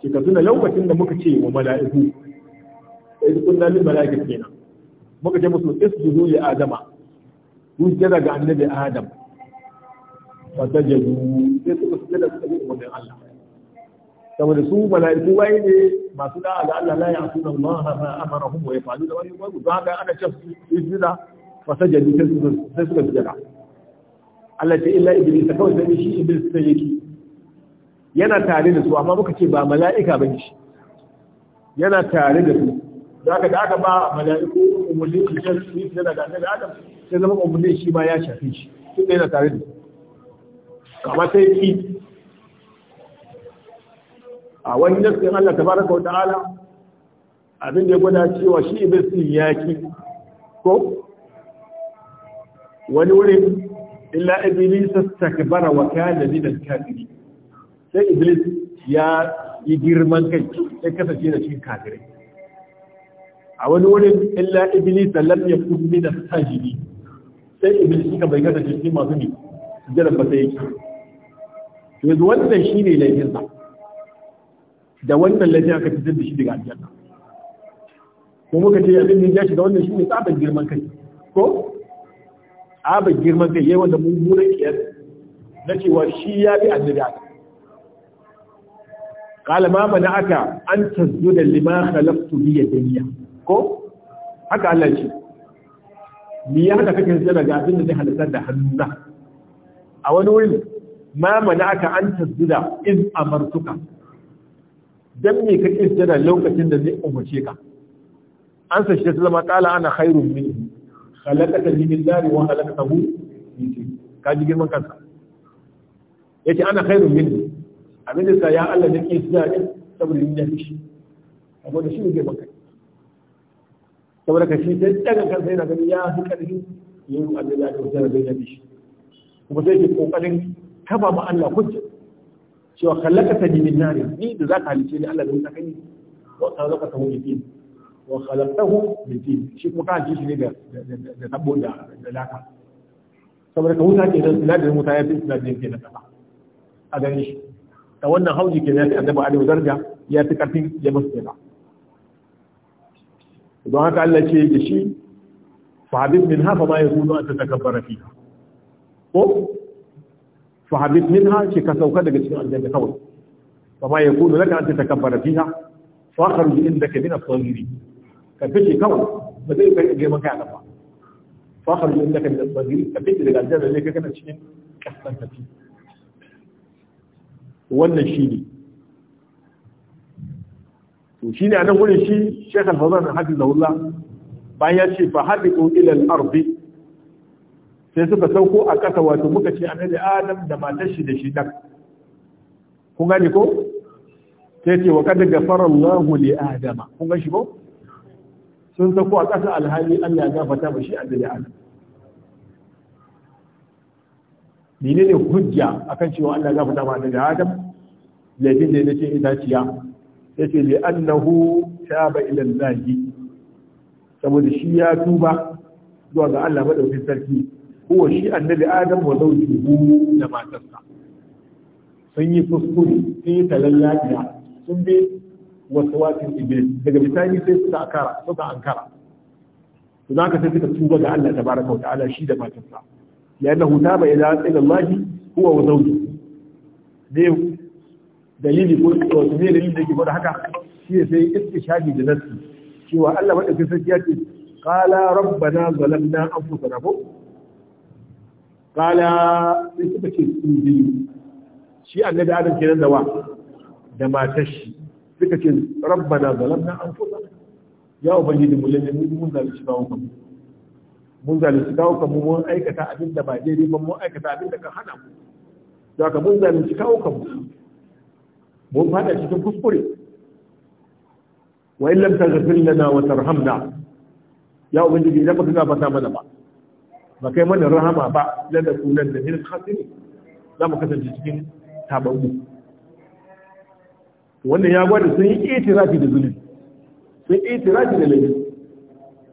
ki ka tuna lokacin da muka ce wa mala'iku sai duk kunna min mala'ika kenan muka ce musu isjudu li adama ku jira ga annabi adam fa tajadu sai suka da suka yi wannan Allah saboda su mala'iku wai ne masu da'a ga Allah la ya'suna Allah ma amarahum wa yaf'aluna wa yu'minun ba ga ana cewa isjuda fa tajadu sai suka sujada Allah ta illa iblis kawai da shi iblis sai yake yana tare da su amma muka ce ba mala'ika ba shi yana tare da su da aka da aka ba mala'iku umulin shi ta su da gane da adam sai zama umulin shi ma ya shafi shi tun da yana tare da su kama sai ki a wani nasirin Allah fara wa ta'ala abin da ya gwada cewa shi iblis din yaki ko wani wurin illa ta kibara wa da min al kafiri sai iblis ya yi girman kai sai kasance da cikin kafirai a wani wurin illa iblis da lafiya min da sajidi sai iblis suka bai kasance cikin masu ne sujjada ba sai yake to yanzu wannan shi ne laifinsa. da wannan laifin aka fitar da shi daga aljanna ko muka ce abin da ya shiga wannan ne tsabar girman kai ko abin girman kai yayin da mun gure kiyar na cewa shi ya bi annabi qala ma aka an tasjuda lima khalaqtu bi yadayya ko haka Allah ce me ya haka kake zana ga abin da zai halitta da hannuna a wani wuri ma aka an tasjuda in amartuka dan me kake zana lokacin da zai umarce ka an sa shi ta zama kala ana khairun minhu khalaqata min dari wa khalaqtahu min tin ji girman kansa yace ana khairun minhu abin da sa ya Allah da ke suna ne saboda yin yafi shi da shi ne zai maka saboda ka shi sai ɗaga kansa yana ganin ya fi ƙarfi yin abin da aka wuce da yafi shi kuma sai ke kokarin kafa ma Allah hujja cewa kallaka ta ni na ne ni da za ka halice ni Allah da wuta kai wa kallaka ta hujja din wa khalaqtahu min tin shi kuma ka halice shi ne da da tabo da da laka saboda ka wuta ke da sinadarin wuta ya fi sinadarin ke na kafa a ganin shi da wannan hauji ke zai annabi alaihi zarga ya fi karfin ya masu kenan don haka Allah ce yake shi fahabib min hafa ma ya kuno a ta takabbara fi ko fahabib min ha ce ka sauka daga cikin aljanna kawai fa ma ya kuno laka an ta takabbara fi ha fa kharuj indaka min as-sabiri ka fice kawai ba zai kai girman kai a ba fa kharuj indaka min as-sabiri ka fice daga aljanna ne kai kana cikin kasance wannan shi ne to shi ne a nan wurin shi shekar fazan laula bayan ya ce fa haɗiƙo ilal arbi sai suka sauko a ƙasa wato muka ce annabi adam da matar shi da shi ɗan kun gani ko sai ce wa kada gafara Allahu li adama kun ga shi ko sun sauko a ƙasa alhali Allah ya gafarta ba shi annabi adam menene hujja akan cewa Allah ya gafarta ba annabi adam laifin da ya ce itaciya ya ce da annahu ba ilan lahi saboda shi ya tuba zuwa ga Allah madaukin sarki kowa shi annabi adam wa zaujihu da matarsa sun yi kuskure sun yi lafiya sun bi wasu wasin iblis daga bisani sai suka akara suka ankara to za ka sai suka tuba ga Allah tabaraka wa ta'ala shi da matarsa ya annahu taba ila ilallahi huwa wa zaujihu dalili ko wasu ne dalili da ke gwada haka shi ya sai istishadi da nasu cewa Allah fi sarki ya ce qala rabbana zalamna na ko Kala sai suka ce su biyu shi annabi adam kenan da wa da matar shi suka ce rabbana zalamna fusa ya ubangiji da lalle mun zalunci bawo kan mun zalunci kawo kan mu mun aikata abin da ba daidai ba mun aikata abin da ka hana mu da ka mun zalunci kawo kan mu mun fada cikin kuskure wa illam taghfir lana wa tarhamna ya ubangiji idan baka gafarta mana ba ba kai mana rahama ba la da kunan da hirin khasiri za mu kasance cikin tababu wannan ya gwada sun yi itirafi da zulmi sun yi itirafi da laifi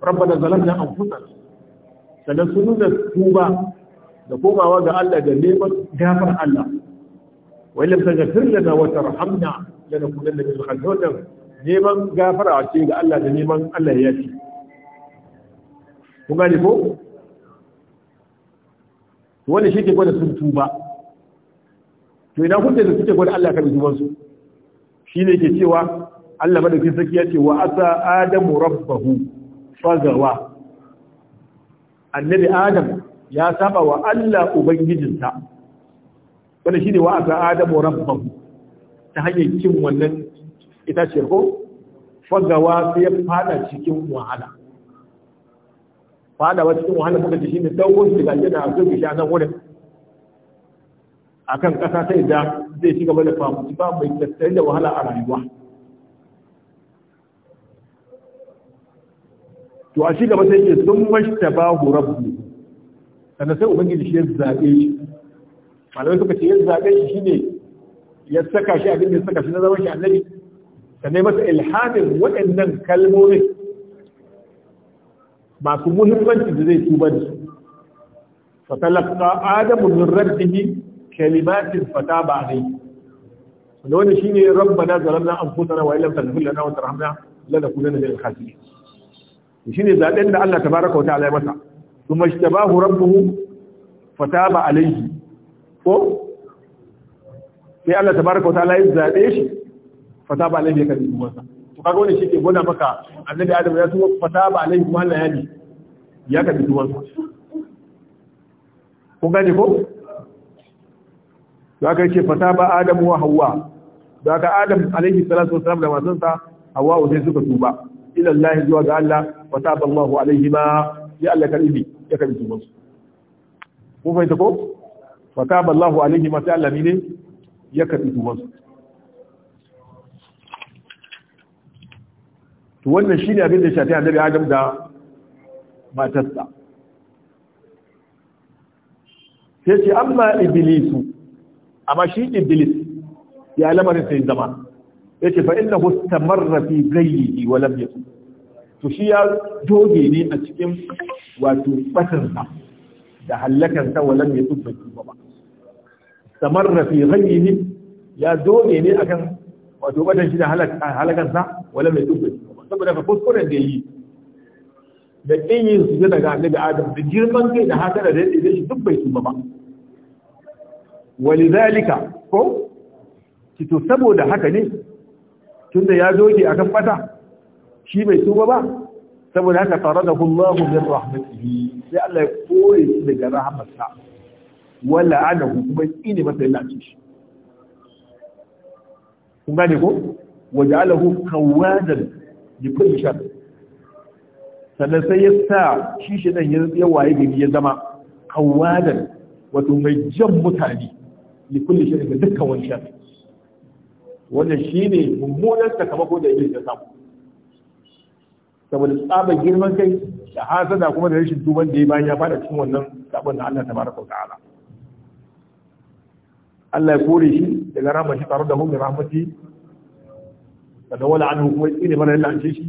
rabbana zalamna anfusana sannan sun nuna tuba da komawa ga Allah da neman gafar Allah wai lam taghfir lana wa tarhamna lanakunanna min al-khasirin neman gafara a ce ga Allah da neman Allah ya ci Kuma ne ko wani shi ke gwada sun tuba to ina kun da suke gwada Allah kan tuban su ne ke cewa Allah madaukin sarki ya ce wa asa adamu rabbahu fagawa annabi adam ya saba wa Allah ubangijinsa shi ne wa asa adamu Rabban ta hanyar kin wannan ce ko fagawa sai ya fada cikin wahala fadawa cikin wahala muka ce shine dogon shiga yana a zuwa shi a nan wurin akan kasa sai da zai shiga gaba famu ba mai tattare da wahala a rayuwa to a shi gaba sai ke sun mashta bahu rabbu sannan sai ubangiji shi ya zaɓe shi malamai suka ce yin zaɓe shi shine ya saka shi abin da ya saka shi na zaman shi annabi sannan masa ilhamin waɗannan kalmomin masu muhimmanci da zai tuba da su fatalaka adamu min rabbihi kalimatin fata ba alai da wani shine rabbana zalamna anfusana wa illam taghfir lana wa tarhamna lanakunanna minal khasirin shine zaben da Allah tabaaraka wa ta'ala ya masa kuma ishtabahu rabbuhu fataba alayhi ko sai Allah tabaraka wa ta'ala ya zabe shi fata ba alaihi kan kuma sa to kaga wannan shi ke gona maka annabi adam ya tuba fata ba alaihi kuma Allah ya ni ya ka tuba sa ko gane ko da aka ce fata ba adam wa hawa da aka adam alaihi salatu wasalam da wasan sa hawa sai suka tuba ila Allah zuwa ga Allah fata ba Allah alaihi ma ya Allah karibi ya kan tuba sa ko fa ita ko fa taba Allahu alaihi ma ta'ala ne ya karbi tuban to wannan shine abin da shafi annabi Adam da matarsa sai ce amma iblis amma shi iblis ya lamarin sai zama yace fa innahu istamarra fi ghayyihi wa lam yakun to shi ya doge ne a cikin wato batarsa da hallakansa wa lam ba ba tamarra fi ghayyihi ya dole ne akan wato badan shi da halakansa wala mai dubbe saboda ka kuskuren da yi da kin yin su daga annabi adam da girman kai da hasara da yake shi duk bai tuba ba walidhalika ko kito saboda haka ne tunda ya doge a kan fata shi bai tuba ba saboda haka da Allahu min rahmatihi sai Allah ya kore shi daga rahmatsa wala ana kuma ine masa ya lalace shi kun gane ko waja'alahu kawadan li kulli shar sannan sai ya sa shi shi dan ya waye gari ya zama kawadan wato mai jan mutane li kulli shar ga dukkan wani shar wannan ne mummunan sakamako da yake samu saboda tsabar girman kai da hasada kuma da rashin tuban da ya bayan ya fada cikin wannan sabon da Allah ta baraka ta'ala Allah ya kore shi daga rahmar shi tare da hun da rahmati daga wala anhu kuma ne mana lance shi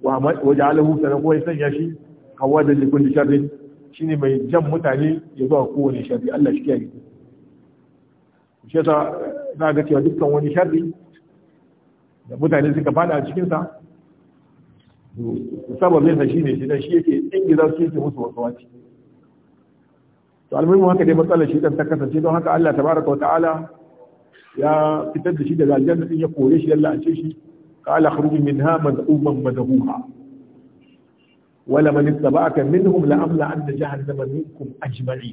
wa ja'alahu sanan kuma ya sanya shi da li kulli shi shine mai jan mutane ya zuwa kowane sharri Allah shi kiyaye shi ta za ga cewa dukkan wani sharri da mutane suka fada a cikin sa sababin sa shine shi da shi yake ingiza su yake musu wasu wace to almuhimu haka dai matsalar shi dan ta kasance don haka Allah tabaraka wa ta'ala ya fitar da shi daga aljanna din ya kore shi Allah an ce shi qala khruj minha madhuman madhuha wala man ittaba'aka minhum la amla an jahannam minkum ajma'i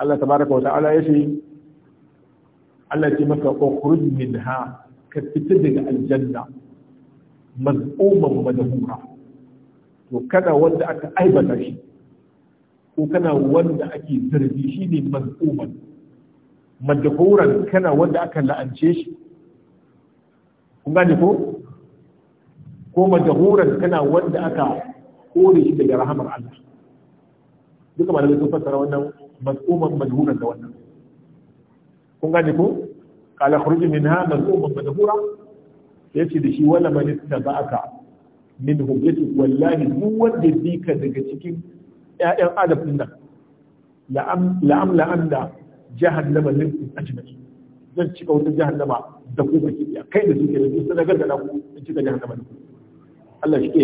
Allah tabaraka wa ta'ala ya ce Allah ya ce maka khruj minha ka fitar daga aljanna madhuman madhuha to kada wanda aka aibata shi ko kana wanda ake zargi ne mazmuman madhuran kana wanda aka la'ance shi kun gane ko ko madhuran kana wanda aka kore shi daga rahamar Allah duka malamai zai fassara wannan mazmuman madhuran da wannan kun gane ko kala khruj minha mazmuman madhura yace da shi wala man ittaba'aka minhum yace wallahi duk wanda bika daga cikin ƴaƴan adam din nan la'am la'am da ne a ajma'i zan cika wata laba da ku ba ki kai da suke da su sai daga da ku in cika jahannama da ku Allah shi ke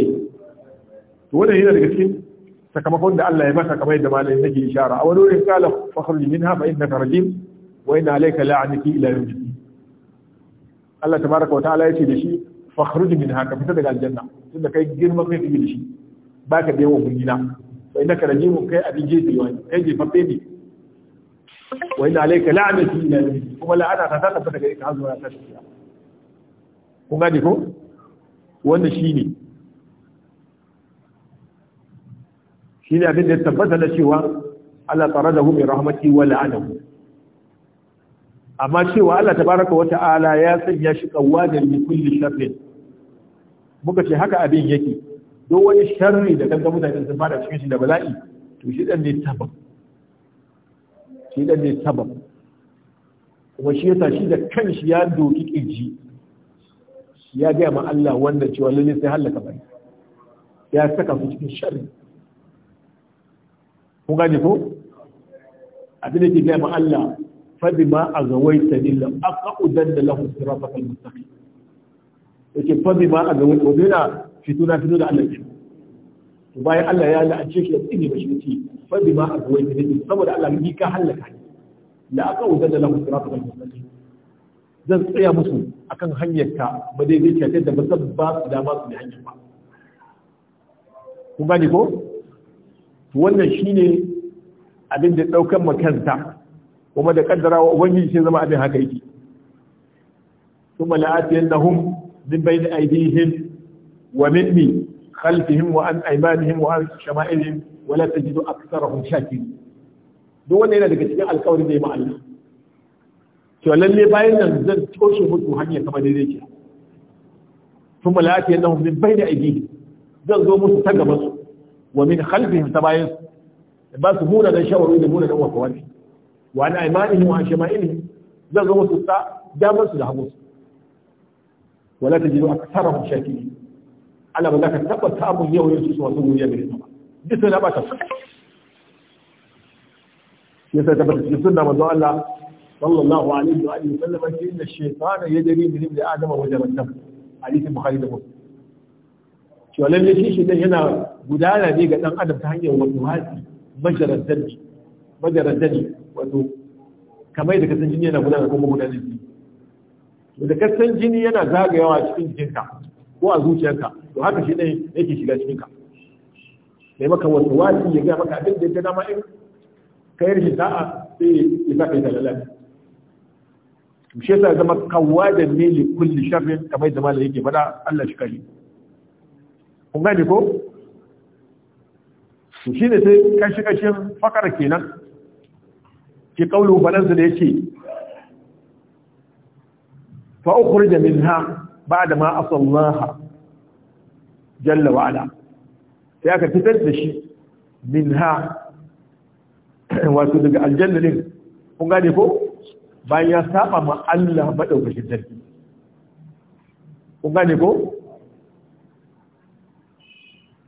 to wannan yana daga cikin sakamakon da Allah ya masa kamar yadda malamin nake ishara a wani wurin kala fakhruj minha fa innaka rajim wa inna alayka la'anati ila yawm Allah tabaraka wa ta'ala yace da shi fakhruj minha ka fita daga aljanna tunda kai girman kai da shi baka da yawan gungina wa innaka rajimun kai abin jefi wani kai jefaffe ne wa inna alayka la'nati ila yawm kuma la'ana ta ta tabbata gare ka har zuwa ta tafiya kun gani ko wanda shi ne. abin da ya tabbata da cewa Allah taradahu bi rahmati wa la'anahu amma cewa Allah ta baraka wa ta'ala ya sanya shi qawwadan li kulli sharrin muka ce haka abin yake duk wani sharri da kanka mutane sun fara cikin shi da bala'i to shi dan ne sabab shi dan ne sabab kuma shi yasa shi da kanshi ya doki kirji ya ga ma Allah wanda cewa lalle sai halaka bai ya saka su cikin sharri Ko gane ko abin da ke ga ma Allah fabima agawaita ni la aqudan lahu siratal mustaqim yake fabima agawaita wabina fito na fito da Allah shi to bayan Allah ya ce shi da tsini ba shi ne ce fa bi ma abuwai ne ne saboda Allah ni ka halaka ni la wajen da lahu da mutane zan tsaya musu akan hanyar ka ba dai zai kyautar da ba zan ba su dama su bi hanyar ba kun gani ko wannan shine abin da daukan makanta kuma da kaddarawa ubangiji sai zama abin haka yake ثم لآتينهم من بين أيديهم wa minni khalfihim wa an aymanihim wa an shama'ilihim wa la tajidu aktharahum shakirin duk wannan yana daga cikin alƙawarin da ya ma Allah to lalle bayan zan toshe musu hanya kamar daidai ke sun malaki yadda mun bai da aiki zan zo musu ta gaba su wa min khalfihim ta bayan su ba muna da shawaru da muna wani wa zan zo damar su da hagu su Allah ba za ka tabbata samun yau yin su wasu guriya da ita ba duk sai na ba ta ya sai tabbata cikin sunna manzo Allah sallallahu alaihi wa alihi sallama ce inna ya yajri min ibni adama wa jama'a hadisi bukhari da muslim cewa lalle shi shi yana gudana ne ga dan adam ta hanyar wato hasi majarar dani majarar dani wato kamar da kasan jini yana gudana kuma gudanar jini da kasan jini yana zagayawa cikin jikinka ko a zuciyarka to haka shi ɗaya yake shiga cikin ka sai maka wasu wasi ya ga maka abin da ya dama in ka yi rashin sa'a sai ya sa ka yi talala shi yasa zama kawadan ne li kulli sharrin kamar da malai yake faɗa Allah shi kare kun gane ko to shine sai shiga cikin fakar kenan ki kaulu balansa da yake fa ukhrij minha ba'da ma asallaha jalla wa ala sai aka fitar da shi minha wato daga aljanna ne, kun gane ko bayan ya saba ma Allah madaukakin sarki kun gane ko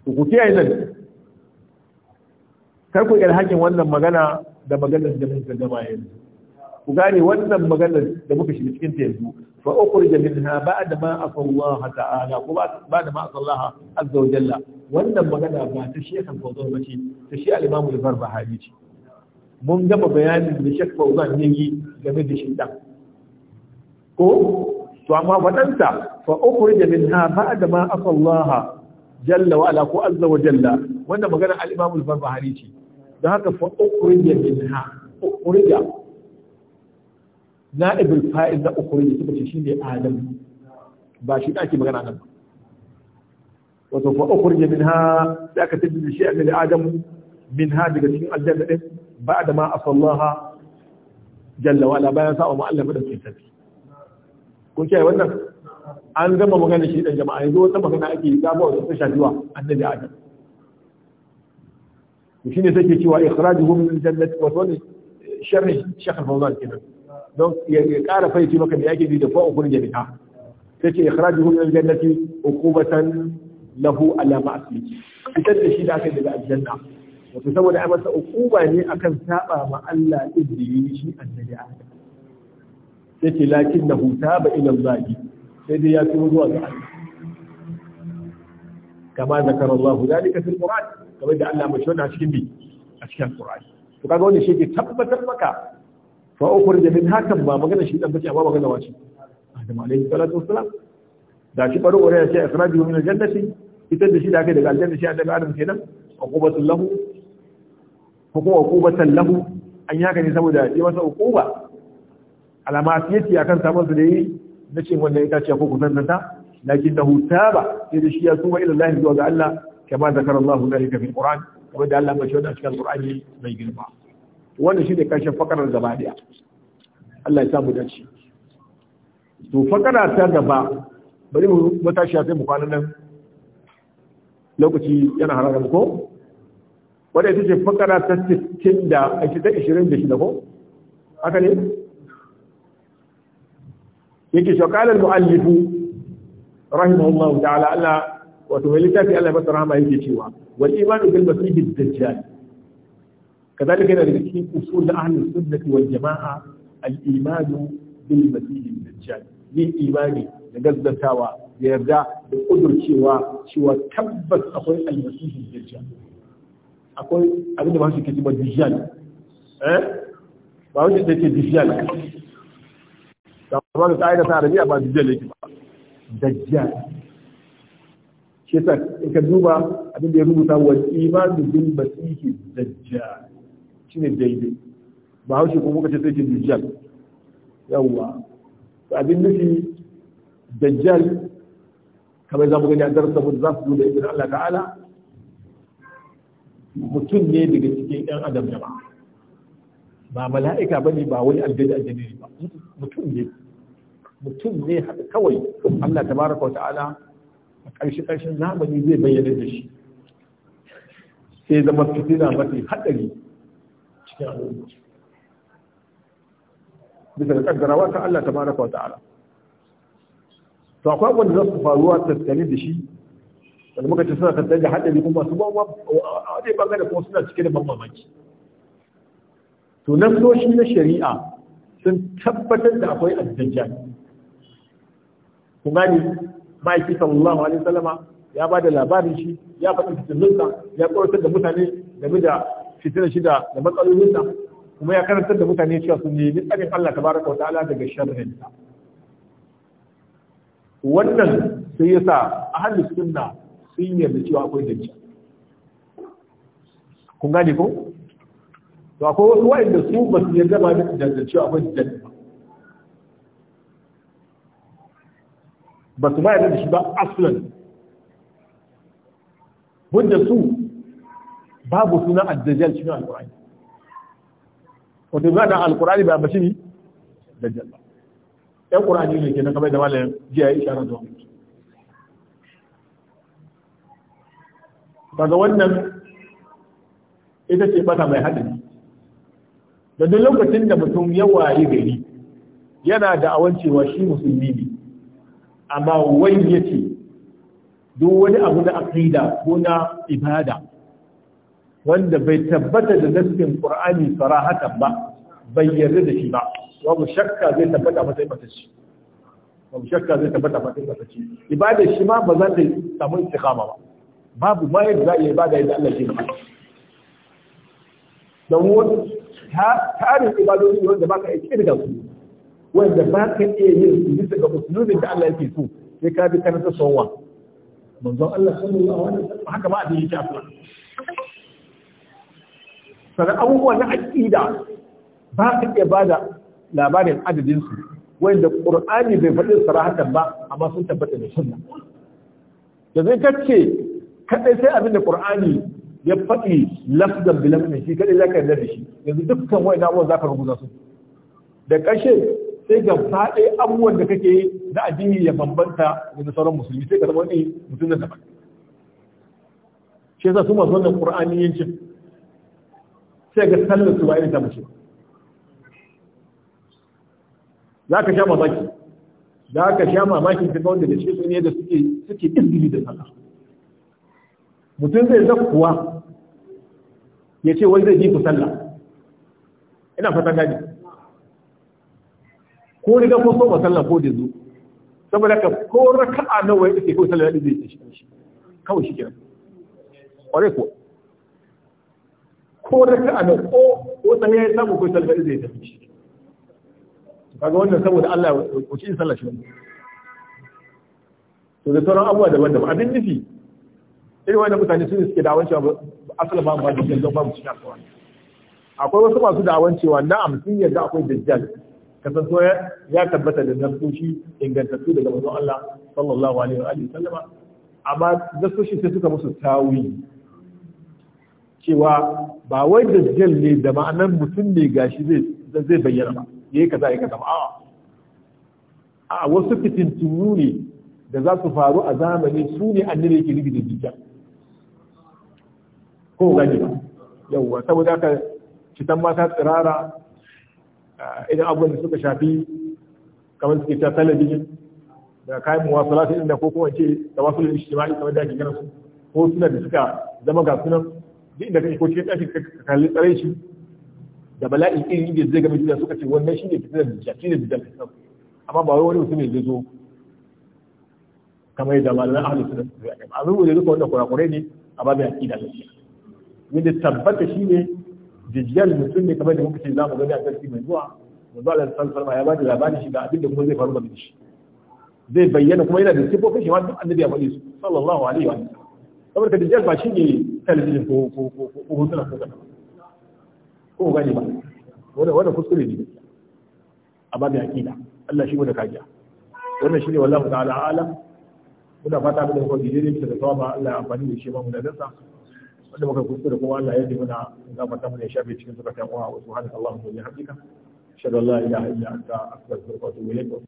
ku kiyaye nan kar ku ilhakin wannan magana da maganar da muka gama yanzu ku gane wannan maganar da muka shiga cikin ta yanzu fa ukhrija minha ba'da ma asallaha ta'ala ko ba'da ma asallaha azza wa jalla wannan magana ba ta shekhan fawzan ba ce ta shi al-imamu al-barbahari ce mun gama bayanin da shekh fawzan ne yi game da shi shiddan ko to amma wadanta fa ukhrija minha ba'da ma asallaha jalla wa ala ko azza wa jalla wannan magana al-imamu al-barbahari ce don haka fa ukhrija minha ukhrija na'ibul fa'il na ukhrij suka ce ne adam ba shi ake magana nan ba wato fa min minha da aka da shi annabi adam minha daga cikin aljanna din da ma asallaha jalla wala bayan sa'a ma Allah madaukakin sarki kun ce wannan an gama magana shi dan jama'a yanzu wata magana ake ta ba wata ta shafiwa annabi adam sai ke cewa ikhrajuhum min jannati wa sunni sharri shaykh al-fawzan kenan don ya ƙara fahimci maka da yake da fa'u kun jami'a sai ce ikhrajuhu min aljannati uqubatan lahu ala ma'asi fitar da shi da aka daga aljanna wato saboda ai masa uquba ne akan saba ma Allah iddi shi annabi Adam sai ce lakin lakinnahu taba ila Allah sai dai ya tuba zuwa ga Allah kama zakara Allah dalika fil Qur'an kamar da Allah mai shi wannan cikin bi a cikin Qur'ani to kaga wannan shi ke tabbatar maka fa da min hakan ba magana shi dan bace ba magana wace Adam alaihi salatu wassalam da shi baro ore sai ce ikhrajuhu min aljannati ita da shi da kai daga aljanna shi da adam kenan uqubatul lahu hukuma uqubatan lahu an yi haka ne saboda yi masa uquba alama fiyati akan samun su da yi na cin wannan ita ce ko kusan ta lakin da hutaba sai da shi ya tuba ila Allah zuwa ga Allah kama zakara Allah zalika fil Qur'an Kuma da Allah bace wannan cikin Qur'ani mai girma wannan shine karshen fakarar gaba daya Allah ya samu dace to fakara ta gaba bari mu matashi sai mu kwana nan lokaci yana hararar ko wanda ita ce fakara ta 60 da 26 ko haka ne yake shakalar muallif rahimahullahu ta'ala Allah wato mai littafi Allah ya masa rahama yake cewa wal imanu bil masih dajjal كذلك هنا لكي أصول أهل السنة والجماعة الإيمان بالمسيح الدجال yin imani da gazzatawa da yarda da kudurcewa cewa tabbas akwai almasihu dajjal akwai abinda ba su ke cewa ba wanda da ke dajjal da ba da tsari da sa arabiya ba dajjal yake ba dajjal shi yasa in ka duba abinda ya rubuta wa imanu bil masihi dajjal shine daidai ba haushe ko muka ce sai ke dujjal yawwa abin nufi dajjal kamar za mu gani a darsa mu za su da ibn Allah ta'ala mutum ne daga cikin yan adam da ba ba mala'ika bane ba wani aljani aljani ba mutum ne mutum ne haka kawai Allah tabaraka wa ta'ala a ƙarshe ƙarshen zamani zai bayyana da shi sai zama fitina mafi haɗari cikin al'umma bisa ga kaddarawa ta Allah tabaraka wa ta'ala to akwai wanda za su faruwa tattali da shi wanda muka ce suna tattali da haɗari kuma su ba wa a wajen bangare kuma suna cike da ban mamaki to nan soshi na shari'a sun tabbatar da akwai addajjal ku gani ma'aiki sallallahu alaihi wasallama ya ba da labarin shi ya faɗi fitilunsa ya tsoratar da mutane game da fitina shida da matsalolinsa kuma ya karantar da mutane cewa su nemi tsarin Allah tabaraka wa ta'ala daga sharrin wannan sai ya sa ahli sunna sun yarda cewa akwai danci. kun gane ko to akwai wasu wa'anda su ba su yarda ba da cewa akwai dajjal ba su ba yarda da shi ba aslan hujjar su babu suna addajjal cikin alkur'ani wato ba da alkur'ani ba bashi ne dajjal ba yan qur'ani ne kenan kamar da malamin jiya ya isharar da Ba daga wannan ita ce bata mai haɗari, da duk lokacin da mutum ya waye gari yana da awancewa shi musulmi ne amma wai ya ce duk wani abu na aƙida ko na ibada wanda bai tabbata da nassin qur'ani sarahatan ba bai yarda da shi ba babu shakka zai tabbata matsayin matacci babu shakka zai tabbata matsayin matacci ibada shi ma ba za ta samu istiqama ba babu ma yadda za a yi ibada yadda Allah ke nufi don wani tarin ibadodi ne wanda baka yi kirga su wanda baka iya yin su bisa ga usulubin da Allah yake so sai ka bi kana ta sowa manzon Allah sallallahu alaihi wasallam haka ma a yi afuwa sannan abubuwa na aƙida ba su iya ba da labarin adadinsu wanda ƙur'ani bai faɗin sarahatan ba amma sun tabbata da sunna da zai kacce kaɗai sai abin da ƙur'ani ya faɗi lafzan bilafin shi kaɗai za ka yi da shi yanzu dukkan wani abubuwan za ka rubuta su da ƙashe sai ga faɗe abubuwan da kake na addini ya bambanta da sauran musulmi sai ka zama wani mutum na daban shi yasa su masu wannan ƙur'aniyancin sai ga sallar su ba irin ta mace ba za ka sha mamaki za ka sha mamakin ta wanda da shi su ne da suke suke izgili da sallah mutum zai kuwa ya ce wai zai ji ku sallah ina fatan gani ko riga ko so ba ko da zo saboda ka ko raka'a nawa yake ko sallah da zai shi kawai shi kenan kware ko ko da ka ana ko ko tsaye ya samu ko sallar zai tafi shi kaga wannan saboda Allah ko shi sallar shi to da sauran abubuwa daban-daban abin nufi irin wannan mutane su ne suke dawon cewa asal ba mu ba da ba mu cikin alƙawari akwai wasu masu dawon cewa na'am sun yarda akwai dajjal kasanto ya tabbata da nasoshi ingantattu daga manzon Allah sallallahu alaihi wa sallama amma nasoshi sai suka musu tawili cewa ba wai dajjal ne da ma'anar mutum ne gashi zai bayyana ba yayi kaza yayi kaza ba a wasu fitintunu ne da za su faru a zamani su ne an yake ke da dajjal ko gani ba yawwa saboda haka citan mata tsirara ah, idan abubuwan da suka shafi kamar suke ta talabijin da kayan muwasalata inda ko kuma ce da wasu ijtimai kamar da ake su ko suna da suka zama ga sunan duk inda kake ko cikin ɗakin ka kalli tsare shi da bala'in iri da zai gami duniya suka ce wannan shi ne fitinar dajjal shi ne dajjal amma ba wani mutum ne zai zo kamar yadda malaman ahlus sunna suka yi a zuwa da duka wannan kurakurai ne a babin aqida gaskiya wanda tabbata shi ne dajjal mutum ne kamar da muka ce za mu gani a sarki mai zuwa manzo Allah sallallahu alaihi ya bada labarin shi ga abin da kuma zai faru game shi zai bayyana kuma yana da sifofin shi ma duk annabi ya faɗi su sallallahu alaihi wa sallam saboda dijjal ba shi ne talibin ko hotuna ko gaba ko gani ba wanda wanda kuskure ne a ba mai akida Allah shi wanda kajiya wannan shine wallahu ta'ala alam muna fata da kuma gidere ne da tawaba Allah ya amfani da shi ba mu da dasa wanda muka kuskure kuma Allah ya yi muna gafarta mu da shafe cikin zakatan uwa wa subhanallahi wa bihamdika ashhadu an la ilaha illa anta astaghfiruka wa atubu ilayk